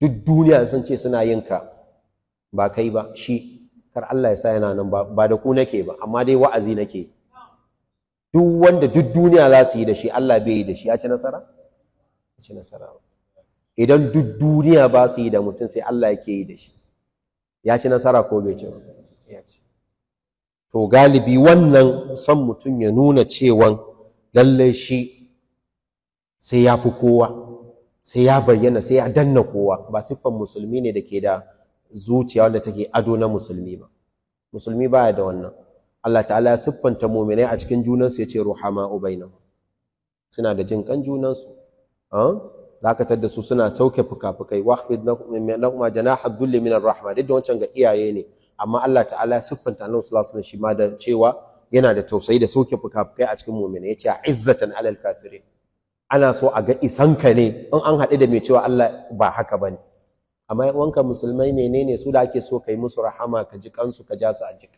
Speaker 2: duk duniya sun ce suna yin ka ba kai ba shi kar Allah ya sa yana nan ba da ku nake ba amma dai wa'azi nake duk wanda duk duniya za su yi da shi Allah bai yi da shi ya ci nasara ya ci nasara idan duk duniya ba su yi da mutum sai Allah yake yi da shi ya ci nasara ko bai ci ya ci to galibi wannan son mutum ya nuna cewan lallai shi sai ya fi kowa sai ya bayyana sai ya danna kowa ba siffan musulmi ne da ke da zuciya wanda take ado na musulmi ba musulmi baya da wannan Allah ta'ala ya siffanta mu'minai a cikin junansu ya ce ruhama ubaina suna da jin kan junansu ah? zaka tada su suna sauke fuka-fukai na kuma janaha dhulli min ar-rahma duk da wancan ga iyaye ne amma Allah ta'ala ya siffanta Annabi sallallahu alaihi wasallam shi ma da cewa yana da tausayi da sauke fuka-fukai a cikin mu'minai yace izzatan alal kafirin ana so a ga isanka ne in an haɗu da mai cewa Allah ba haka bane amma yan uwanka musulmai menene su da ake so kai musu rahama ka ji kansu ka ja su a jika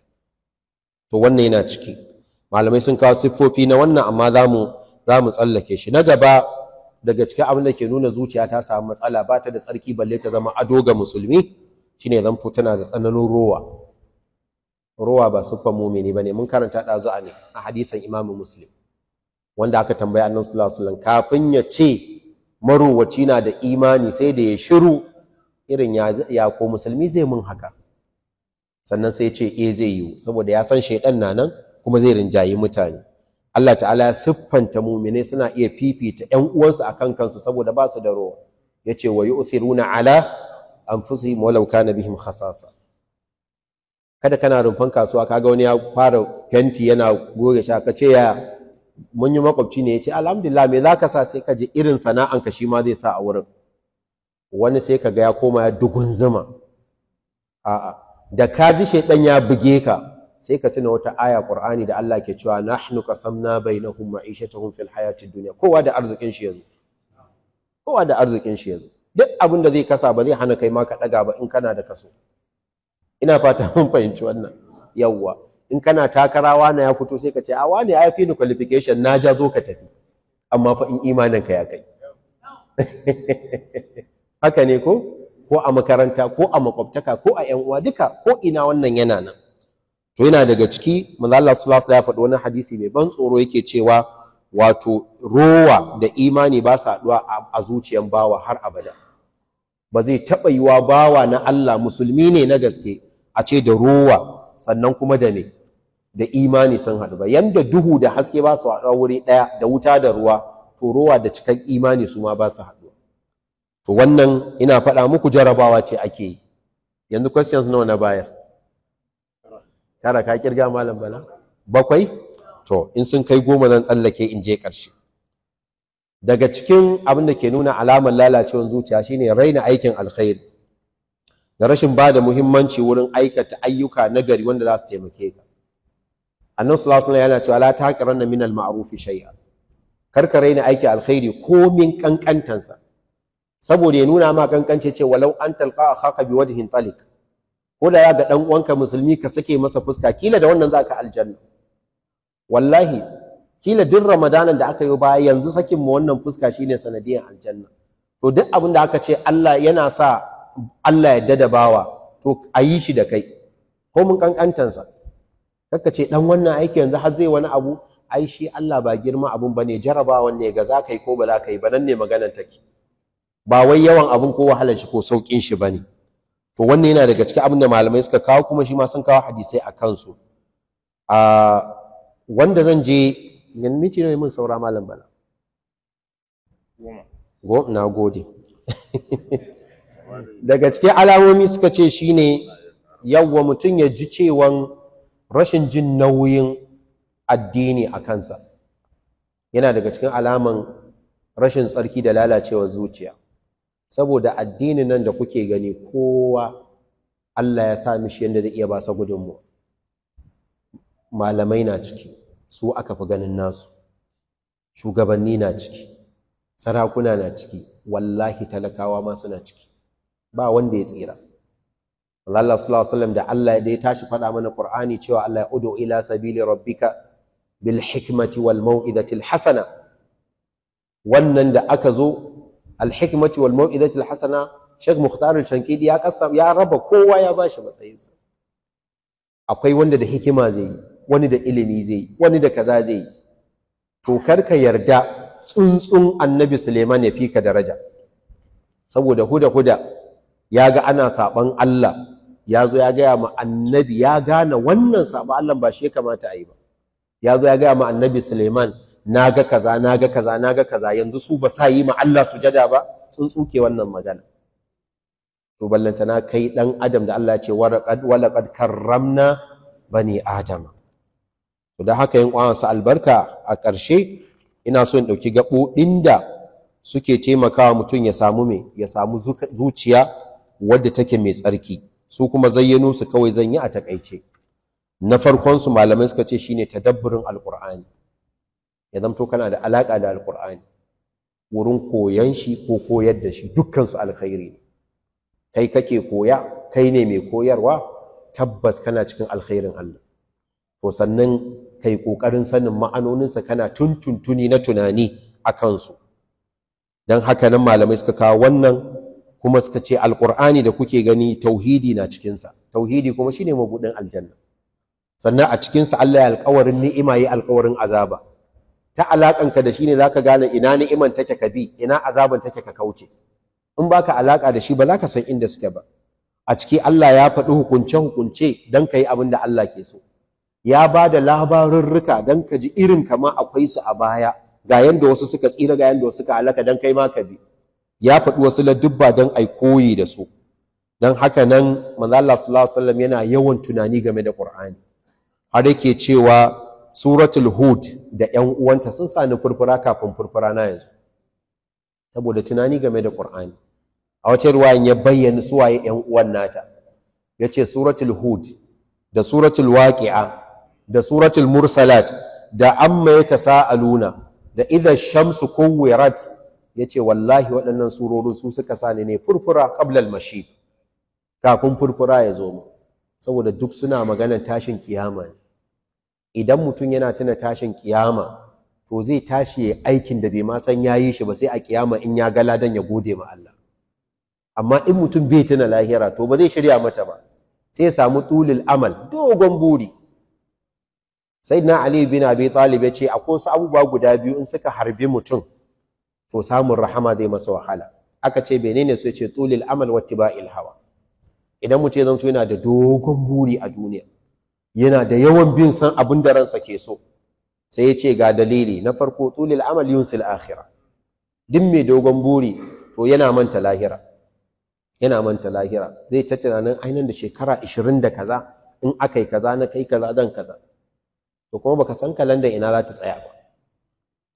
Speaker 2: to wannan yana ciki malamai sun kawo siffofi na wannan amma za mu za mu tsallake shi na gaba daga cikin abin da ke nuna zuciya ta samu matsala ba ta da tsarki balle ta zama ado ga musulmi shine fito tana da tsananin rowa rowa ba siffar mumini bane mun karanta ɗazu a ne a hadisan imamu muslim wanda aka tambaya annabi sallallahu alaihi wasallam kafin ya ce maruwaci na da imani sai da ya shiru irin ya ko musulmi zai mun haka sannan sai ce e zai yiwu saboda ya san shaidan na nan kuma zai rinjayi mutane Allah ta'ala ya siffanta mumine suna iya fifita ƴan uwansu akan kansu saboda ba su da rowa yace wa yu'thiruna ala anfusihim walau na bihim khasasa kada kana rumfan kasuwa kaga wani ya fara fenti yana goge shi ka ce ya mun yi makwabci ne yace alhamdulillah me zaka sa sai ka je irin sana'anka shi ma zai sa a wurin wani sai ka ga ya koma ya dugun zuma a'a da ka ji shaidan ya buge ka sai ka tuna wata aya Qur'ani da Allah ke cewa nahnu qasamna bainahum ma'ishatahum fil hayatid dunya kowa da arzikin shi yazo kowa da arzikin shi yazo duk abin da zai kasa ba zai hana kai ma ka daga ba in kana da kaso ina fata [LAUGHS] mun fahimci wannan yawwa in kana takarawa na ya fito sai ka ce a wani ya fi ni qualification na ja zo ka tafi amma fa in imanin ka ya kai [LAUGHS] haka ne ko ko a makaranta ko a makwabtaka ko a yan uwa duka ko ina wannan yana nan to yana daga ciki manzo Allah sallallahu alaihi ya faɗi wani hadisi mai ban tsoro yake cewa wato rowa da imani ba sa haɗuwa a zuciyan bawa har abada ba zai taɓa yiwa bawa na Allah musulmi ne na gaske a ce da rowa sannan kuma da me da imani sun haɗu ba yanda duhu da haske ba su haɗuwa wuri ɗaya da wuta da ruwa to rowa da cikar imani su ma ba su haɗu to wannan ina faɗa muku jarabawa ce ake yi yanzu questions nawa na baya? tara ka kirga malam bala bakwai to in sun kai goma nan tsallake in je ƙarshe daga cikin abin da ke nuna alamar lalacewar zuciya shine raina aikin alkhairi da rashin ba da muhimmanci wurin aikata ayyuka na gari wanda za su taimake ka annabi sallallahu alaihi yana cewa la taqiranna min al-ma'ruf shay'a karka raina aikin alkhairi komin kankantansa saboda ya nuna ma kankance ce walau an talqa akhaka bi wajhin talik ko da ya ga dan uwanka musulmi ka sake masa fuska kila da wannan zaka aljanna wallahi kila duk ramadanan da aka yi baya yanzu sakin mu wannan fuska shine sanadiyan aljanna to duk abin da aka ce Allah yana sa Allah ya dada bawa to a yi shi da kai ko mun kankantansa kakka ce dan wannan aiki yanzu har zai wani abu ai shi Allah ba girma abun bane jarabawan ne ga za ka yi ko ba za ka yi ba nan ne maganar take ba wai yawan abin ko wahalar shi ko saukin shi bane to wannan yana daga cikin abin da malamai suka kawo kuma shi ma sun kawo hadisai a kansu a wanda zan je yan miti ne mun saura malam bala na gode [LAUGHS] daga cikin alamomi suka ce shine yawwa mutum ya ji cewan rashin jin nauyin addini a kansa yana daga cikin alaman rashin tsarki da lalacewar zuciya saboda addini nan da kuke gani kowa Allah ya sa mishi yadda zai iya ba gudunmu malamai na ciki su aka fi ganin nasu shugabanni na ciki sarakuna na ciki wallahi talakawa ma suna ciki ba wanda ya tsira Allah sallallahu alaihi da Allah ya ya tashi faɗa mana Qur'ani cewa Allah ya udu ila sabili rabbika bil hikmati wal mau'izati al hasana wannan da aka zo al-hikmati wal mau'izati Hassana, hasana Sheikh Mukhtar al-Shankidi ya kassa ya raba kowa ya bashi matsayinsa akwai wanda da hikima zai yi wani da ilimi zai yi wani da kaza zai yi to karka yarda tsuntsun Annabi Suleiman ya fika daraja saboda huda huda ya ga ana saban Allah ya zo ya gaya ma annabi ya gane wannan sabon Allah ba shi ya kamata a yi ba ya zo ya gaya ma annabi Suleiman na ga kaza naga kaza naga kaza yanzu su ba sa yi ma Allah sujada ba sun tsuke wannan magana to na kai dan adam da Allah ya ce waraqad walaqad karramna bani adam to da haka yin kwansa albarka a ƙarshe ina so in dauki gaɓoɗin da suke taimakawa mutum ya samu me ya samu zuciya wadda take mai tsarki su kuma zayyano su kawai zan yi a takaice na farkon su malamai suka ce shine tadabburin alqur'ani ya zamto kana da alaƙa da alƙur'ani wurin koyan shi ko koyar da shi dukkansu alkhairi ne kai kake koya kai ne mai koyarwa tabbas kana cikin alkhairin Allah to sannan kai ƙoƙarin sanin ma'anoninsa kana tuntuntuni na tunani a kansu don haka nan malamai suka kawo wannan kuma suka ce alƙur'ani da kuke gani tauhidi na cikinsa tauhidi kuma shi ne mabuɗin aljanna sannan a cikinsa Allah ya alƙawarin ni'ima ya alƙawarin azaba ta alaƙanka da shi ne za ka gane ina ni'iman take ka bi ina azaban take ka kauce in baka alaƙa da shi ba za ka san inda suke ba a ciki Allah ya faɗi hukunce hukunce don ka yi abin da Allah ke so ya ba da labarurruka don ka ji irin kama akwai su a baya ga yanda wasu suka tsira ga yanda wasu suka halaka don kai ma ka bi ya faɗi wasu ladubba don ai koyi da su don haka nan manzo Allah sallallahu alaihi yana yawan tunani game da Qur'ani har yake cewa suratul hud da ‘yan uwanta sun sani furfura kafin furfura na yanzu saboda tunani game da ƙur'ani a wace ruwayan ya bayyana suwaye ‘yan uwan nata yace suratul hud da suratul waƙi'a da suratul mursalat da amma ya ta sa'aluna da idan shamsu kuwirat ya ce wallahi waɗannan surorin su suka sani ne furfura al mashi kafin furfura ya zo saboda duk suna maganar tashin kiyama ne idan mutum yana tuna tashin kiyama to zai tashi ya aikin da bai ma san ya yi shi ba sai a kiyama in ya ga ladan ya gode ma Allah amma in mutum bai tuna lahira to ba zai shirya mata ba sai ya samu tulil amal dogon buri na ali bin abi talib ya ce akwai wasu abubuwa guda biyu in suka harbi mutum to samun rahama zai masa wahala aka ce menene su ya ce tulil amal wattiba'il hawa idan mutum ya zanto yana da dogon buri a duniya yana da yawan bin san abin da ransa ke so sai ya ce ga dalili na farko tulil amal yunsil akhira mai dogon buri to yana manta lahira yana manta lahira zai ta tunanin ainihin da shekara ishirin da kaza in aka yi kaza na kai kaza dan kaza to kuma baka san kalandar ina za ta tsaya ba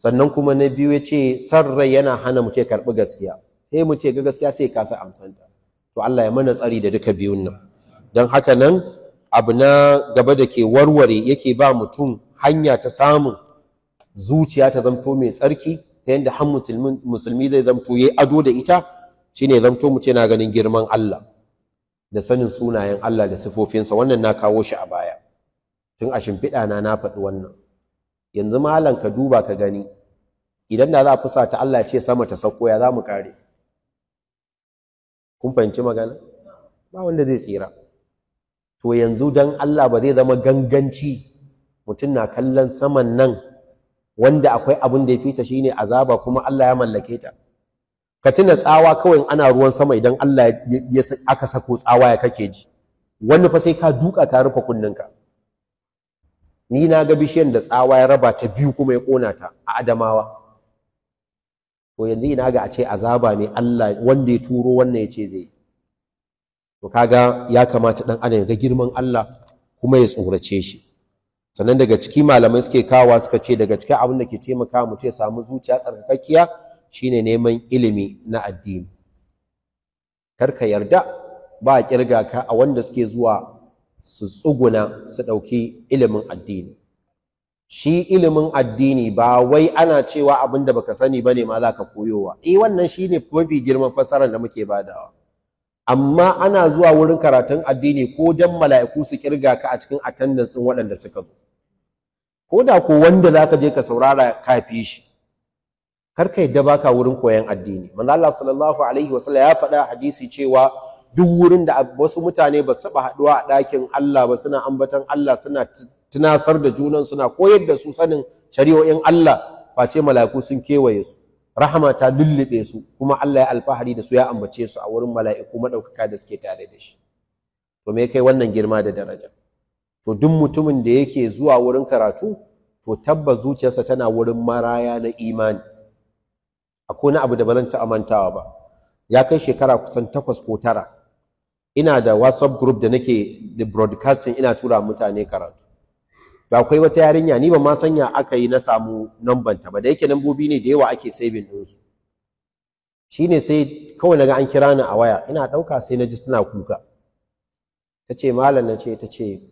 Speaker 2: sannan kuma na biyu ya ce san rai yana hana mu ce karbi gaskiya sai mu ce ga gaskiya sai kasa amsanta to Allah ya mana tsari da duka biyun nan don haka nan abu na gaba da ke warware yake ba mutum hanya ta samun zuciya ta zamto mai tsarki ta yadda han musulmi zai zamto ya ado da ita shi ne zamto mu ce na ganin girman Allah da sanin sunayen Allah da sifofinsa wannan na kawo shi a baya tun a shimfiɗa na na faɗi wannan yanzu malam ka duba ka gani idan da za a fusa ta Allah ce sama ta sauko ya za mu kare kun fahimci magana ba wanda zai tsira to yanzu dan Allah ba zai zama ganganci mutum na kallon saman nan wanda akwai abin da ya fita shi ne azaba kuma Allah ya mallake ta ka tuna tsawa kawai ana ruwan sama idan Allah ya aka sako tsawa ya kake ji wani fa sai ka duka ka rufe kunninka ni na ga bishiyan da tsawa ya raba ta biyu kuma ya kona ta a Adamawa to yanzu ina ga a ce azaba ne Allah wanda ya turo wannan ya ce zai to kaga ya kamata dan adam ya ga girman Allah kuma ya tsorace shi sannan daga ciki malamai suke kawa suka ce daga cikin abin da ke taimaka mutum ya samu zuciya tsarkakkiya shine neman ilimi na addini kar ka yarda ba a kirga ka a wanda suke zuwa su tsuguna su ɗauki ilimin addini shi ilimin addini ba wai ana cewa abin da baka sani bane ma za ka koyowa eh wannan shine mafi girman fasarar da muke badawa amma ana zuwa wurin karatun addini ko dan mala'iku su kirga ka a cikin attendance din waɗanda suka zo ko da ko wanda zaka je ka saurara kafi shi kar ka yadda baka wurin koyan addini manzo Allah sallallahu alaihi wasallam ya faɗa hadisi cewa duk wurin da wasu mutane ba su haɗuwa a ɗakin Allah ba suna ambatan Allah suna tunasar da junan suna koyar da su sanin shari'o'in Allah face mala'iku sun kewaye su rahama ta lullube su kuma Allah ya alfahari da su ya ambace su a wurin mala'iku maɗaukaka da suke tare da shi to me kai wannan girma da daraja to duk mutumin da yake zuwa wurin karatu to tabbas zuciyarsa tana wurin maraya na imani akwai na abu da ba ta amantawa ba ya kai shekara kusan takwas ko tara ina da whatsapp group da nake da broadcasting ina tura mutane karatu Ba akwai wata yarinya ni ba ma sanya aka yi na samu lambanta. ba da yake lambobi ne da yawa ake saving ɗinsu shine sai kawai naga an kira ni a waya ina ɗauka sai na suna kuka ta ce malam na ce ta sai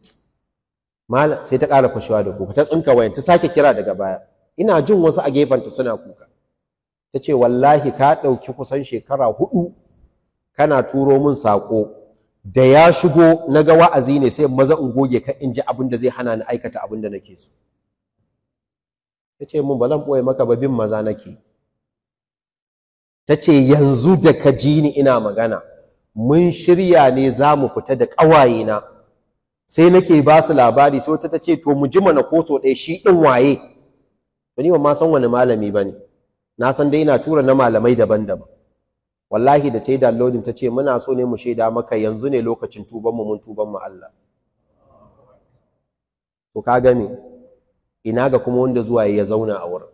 Speaker 2: ta ƙara kwashewa da kuka ta tsinka wayan ta sake kira daga baya ina jin wasu a gefen ta suna kuka tace wallahi ka ɗauki kusan shekara hudu kana turo mun sako. da ya shigo na ga wa'azi ne sai maza in goge ka in ji abin da zai hana ni aikata abin da nake so ta ce mun balan ɓoye maka ba bin maza nake ta ce yanzu da ka ji ni ina magana mun shirya ne za mu fita da ƙawayena sai nake ba su labari sai wata ta ce to mu ji mana ko so ɗaya shi ɗin waye ba ni ba ma san wani malami ba ne na san dai ina tura na malamai daban-daban wallahi da ta yi downloading ta ce muna so ne mu shaida maka yanzu ne lokacin tubanmu mun tuban mu Allah to ka gami ina ga kuma wanda zuwa ya zauna a wurin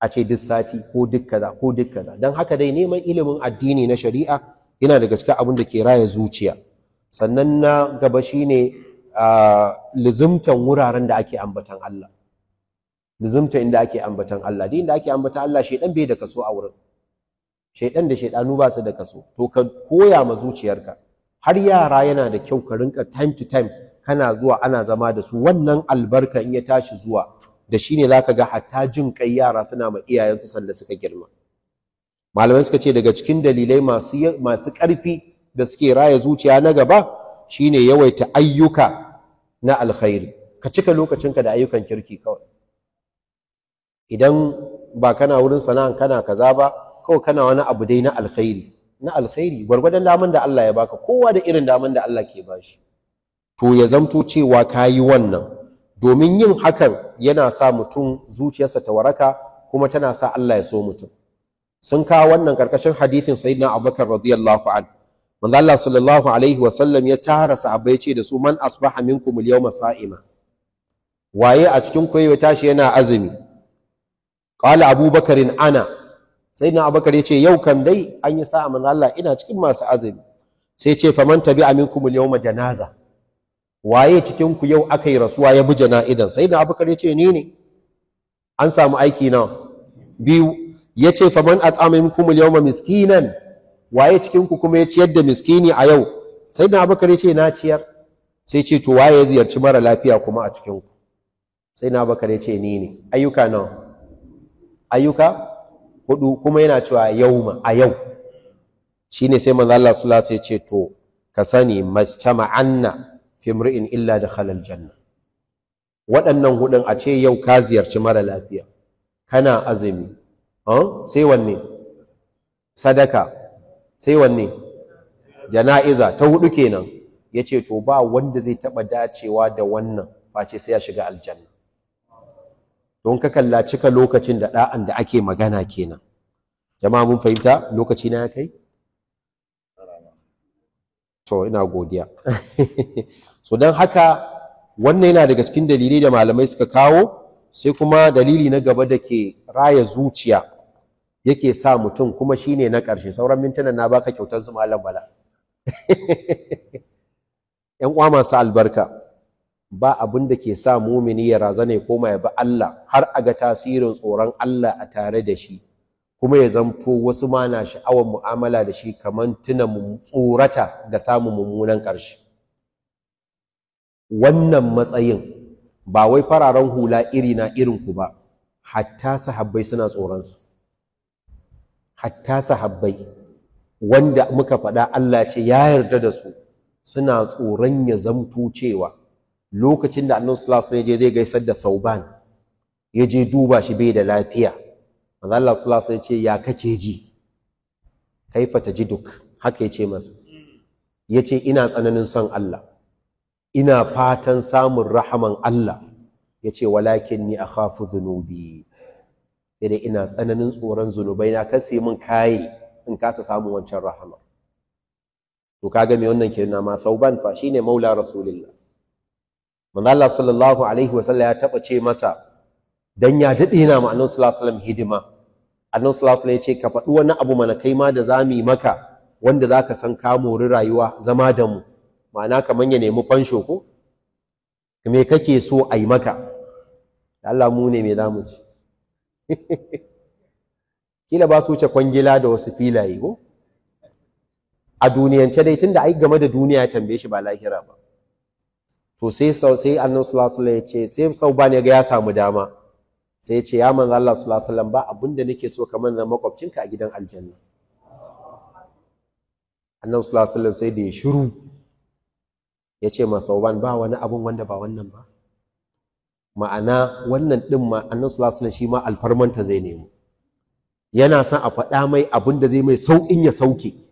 Speaker 2: a ce duk sati ko duk kaza ko duk kaza don haka dai neman ilimin addini na shari'a yana da gaske abin da ke raya zuciya sannan na gaba shine lizimtan wuraren da ake ambatan Allah luzumta inda ake ambatan Allah din da ake ambatan Allah dan bai da kaso a wurin shaidan da shaidanu ba su da kaso to ka koya ma zuciyarka har yara yana da kyau ka rinka time to time kana zuwa ana zama da su wannan albarka in ya tashi zuwa da shine ka ga hatta jin kai yara suna ma iyayensu sanda suka girma malamai suka ce daga cikin dalilai masu masu ƙarfi da suke raya zuciya na gaba shine yawaita ayyuka na alkhairi ka cika lokacinka da ayyukan kirki kawai idan ba kana wurin sana'an kana kaza ba kawai kana wani abu dai na alkhairi na alkhairi gwargwadon daman da Allah ya baka kowa da irin daman da Allah ke bashi to ya zamto cewa ka yi wannan domin yin hakan yana sa mutum zuciyarsa ta waraka kuma tana sa Allah ya so mutum sun kawo wannan karkashin hadithin sayyidina Abubakar radiyallahu an manzo Allah sallallahu alaihi wa sallam ya tara ya ce da su man asbaha minkum al-yawma sa'ima waye a cikin ku ya tashi yana azumi qala abubakarin ana sai na abakar ya ce yau kan dai an yi sa'a manzo Allah ina cikin masu azumi sai ce faman tabi aminkum al-yawma janaza waye cikin ku yau aka yi rasuwa ya bi jana'idan sai na abakar ya ce ni ne an samu aiki na biyu ya ce faman at'ama minkum al-yawma miskinan waye cikin ku kuma ya ciyar da miskini a yau sai na abakar ya ce na ciyar sai ce to waye ya ziyarci mara lafiya kuma a cikin ku sai na abakar ya ce ni ne ayyuka na ayyuka hudu kuma yana cewa yauma a yau shine sai manzo Allah sallallahu alaihi wasallam ce to ka sani mastama'anna fi ri'in illa da dakhala janna. waɗannan hudun a ce yau ka ziyarci mara lafiya kana azumi sai wanne sadaka sai wanne jana'iza ta hudu kenan yace to ba wanda zai taba dacewa da wannan face sai ya shiga aljanna don ka kalla cika lokacin da ɗa'an da ake magana kenan jama'a mun fahimta lokaci na ya kai to ina godiya [LAUGHS] so don haka wannan yana daga cikin dalilai da malamai suka kawo sai kuma dalili na gaba da ke raya zuciya yake sa mutum kuma shine na ƙarshe sauran mintunan na baka kyautar su malam bala [LAUGHS] yan uwa masu albarka ba abin da ke sa mumini ya razana ya koma ya bi Allah har a ga tasirin tsoron Allah a tare da shi kuma ya zamto wasu ma na sha'awar mu'amala da shi kamar tuna tsorata ga samun mummunan ƙarshe wannan matsayin ba wai fararen hula iri na irinku ba hatta sahabbai suna tsoronsa hatta sahabbai wanda muka faɗa Allah ce ya yarda da su suna tsoron ya zamto cewa lokacin da annabi sallallahu alaihi wasallam ya je zai gaisar da Thauban ya je duba shi bai da lafiya manzo Allah sallallahu alaihi wasallam ya ce ya kake ji kaifa tajiduk haka ya ce masa ya ce ina tsananin son Allah ina fatan samun rahaman Allah ya ce walakin ni akhafu zunubi. sai dai ina tsananin tsoron zunubai na kasi min kaye in kasa samun wancan rahama to kaga me wannan ke nuna ma Thauban fa shine maula rasulillah manzo sallallahu alaihi wasallam ya taba ce masa dan ya dade yana ma annabi sallallahu alaihi wasallam hidima annabi sallallahu alaihi wasallam ya ce ka faɗi wani abu mana kai ma da zamu yi maka wanda zaka san ka mori rayuwa zama da mu ma'ana kaman ya nemi fansho ko me kake so a yi maka Allah mu ne me zamu ci [LAUGHS] kila ba su wuce kwangila da wasu filaye ko a duniyance dai tunda ai game da duniya ya tambaye shi ba lahira ba to sai sai annabi sallallahu alaihi ya ce sai sauban ya ga ya samu dama sai ya ce ya manzo Allah sallallahu alaihi wasallam ba abinda nake so kamar na makwabcinka a gidan aljanna annabi sallallahu alaihi sai da ya shiru ya ce ma sauban ba wani abun wanda ba wannan ba ma'ana wannan din ma annabi sallallahu alaihi shi ma alfarmanta zai nemo yana son a faɗa mai abin da zai mai sauƙin ya sauke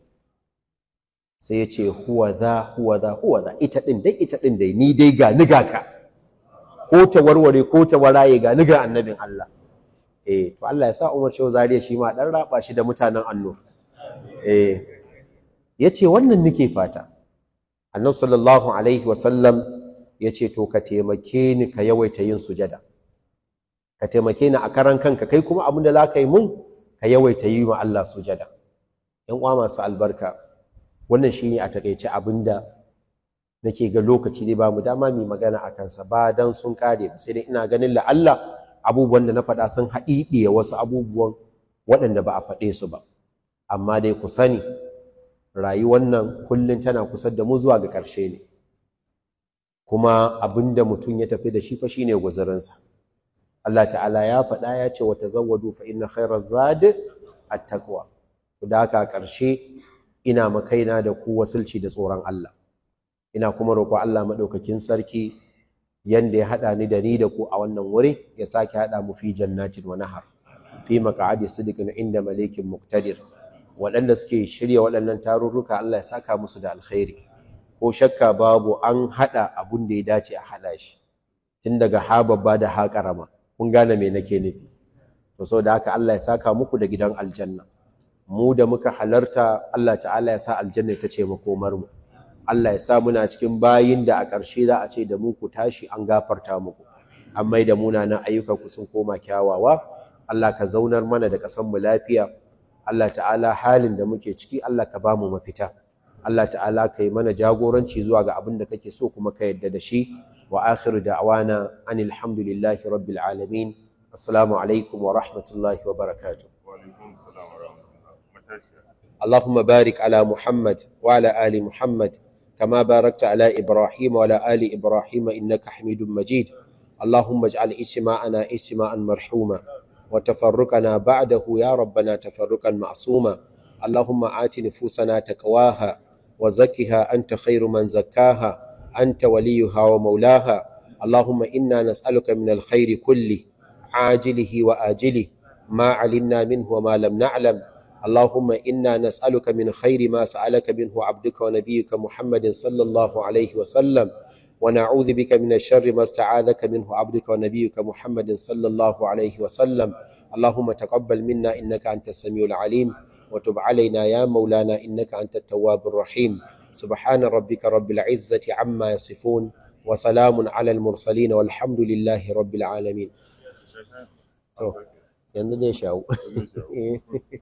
Speaker 2: sai ya ce huwa za huwa za huwa za ita ɗin dai ita ɗin dai ni dai ga ni ka ko ta warware ko ta waraye ga ni annabin Allah eh to Allah ya sa Umar Shehu Zariya shi ma dan raba shi da mutanen annur eh yace wannan nake fata Annabi sallallahu alaihi wa sallam yace to ka taimake ni ka yawaita yin sujada ka taimake ni a karan kanka kai kuma abin da za ka yi mun ka yawaita yi ma Allah sujada yan uwa masu albarka wannan shine a takaice da nake ga lokaci dai bamu dama mu magana a kansa ba dan sun kare ba sai dai ina ganin la'alla abubuwan da na faɗa sun haɗiɗiya wasu abubuwan waɗanda ba a faɗe su ba amma dai ku sani rayuwar nan kullum tana kusa da mu zuwa ga ƙarshe ne kuma abin da mutum ya tafi da shi fa shine guzurinsa Allah ta'ala ya faɗa ya ce wa tazawwadu fa inna kairar zadi at-taqwa da haka ƙarshe ina makaina da ku wasulci da tsoron Allah ina kuma roƙo Allah maɗaukakin sarki yanda ya haɗa ni da ni da ku a wannan wuri ya sake haɗa mu fi jannatin wa nahar fi maq'adi sidqin inda malikin muqtadir waɗanda suke shirya waɗannan tarurruka Allah ya saka musu da alkhairi ko shakka babu an haɗa abun da ya dace a haɗa shi tun daga ha babba da ha kun gane me nake nufi to saboda haka Allah ya saka muku da gidan aljanna mu da muka halarta Allah ta'ala ya sa aljanna ta ce makomar mu Allah ya sa muna cikin bayin da a ƙarshe za a ce da mu ku tashi an gafarta muku an mai da munanan ayyukan ku sun koma kyawawa Allah ka zaunar mana da ƙasar mu lafiya Allah ta'ala halin da muke ciki Allah ka bamu mafita Allah ta'ala kai mana jagoranci zuwa ga abin da kake so kuma ka yadda da shi wa akhiru da'wana anil hamdulillahi rabbil alamin assalamu alaikum wa rahmatullahi wa barakatuh اللهم بارك على محمد وعلى آل محمد كما باركت على إبراهيم وعلى آل إبراهيم إنك حميد مجيد اللهم اجعل اجتماعنا اجتماعا مرحوما وتفرقنا بعده يا ربنا تفرقا معصوما اللهم آت نفوسنا تقواها وزكها أنت خير من زكاها أنت وليها ومولاها اللهم إنا نسألك من الخير كله عاجله وآجله ما علمنا منه وما لم نعلم اللهم إنا نسألك من خير ما سألك منه عبدك ونبيك محمد صلى الله عليه وسلم ونعوذ بك من الشر ما استعاذك منه عبدك ونبيك محمد صلى الله عليه وسلم اللهم تقبل منا إنك أنت السميع العليم وتب علينا يا مولانا إنك أنت التواب الرحيم سبحان ربك رب العزة عما يصفون وسلام على المرسلين والحمد لله رب العالمين yanzu ne shawo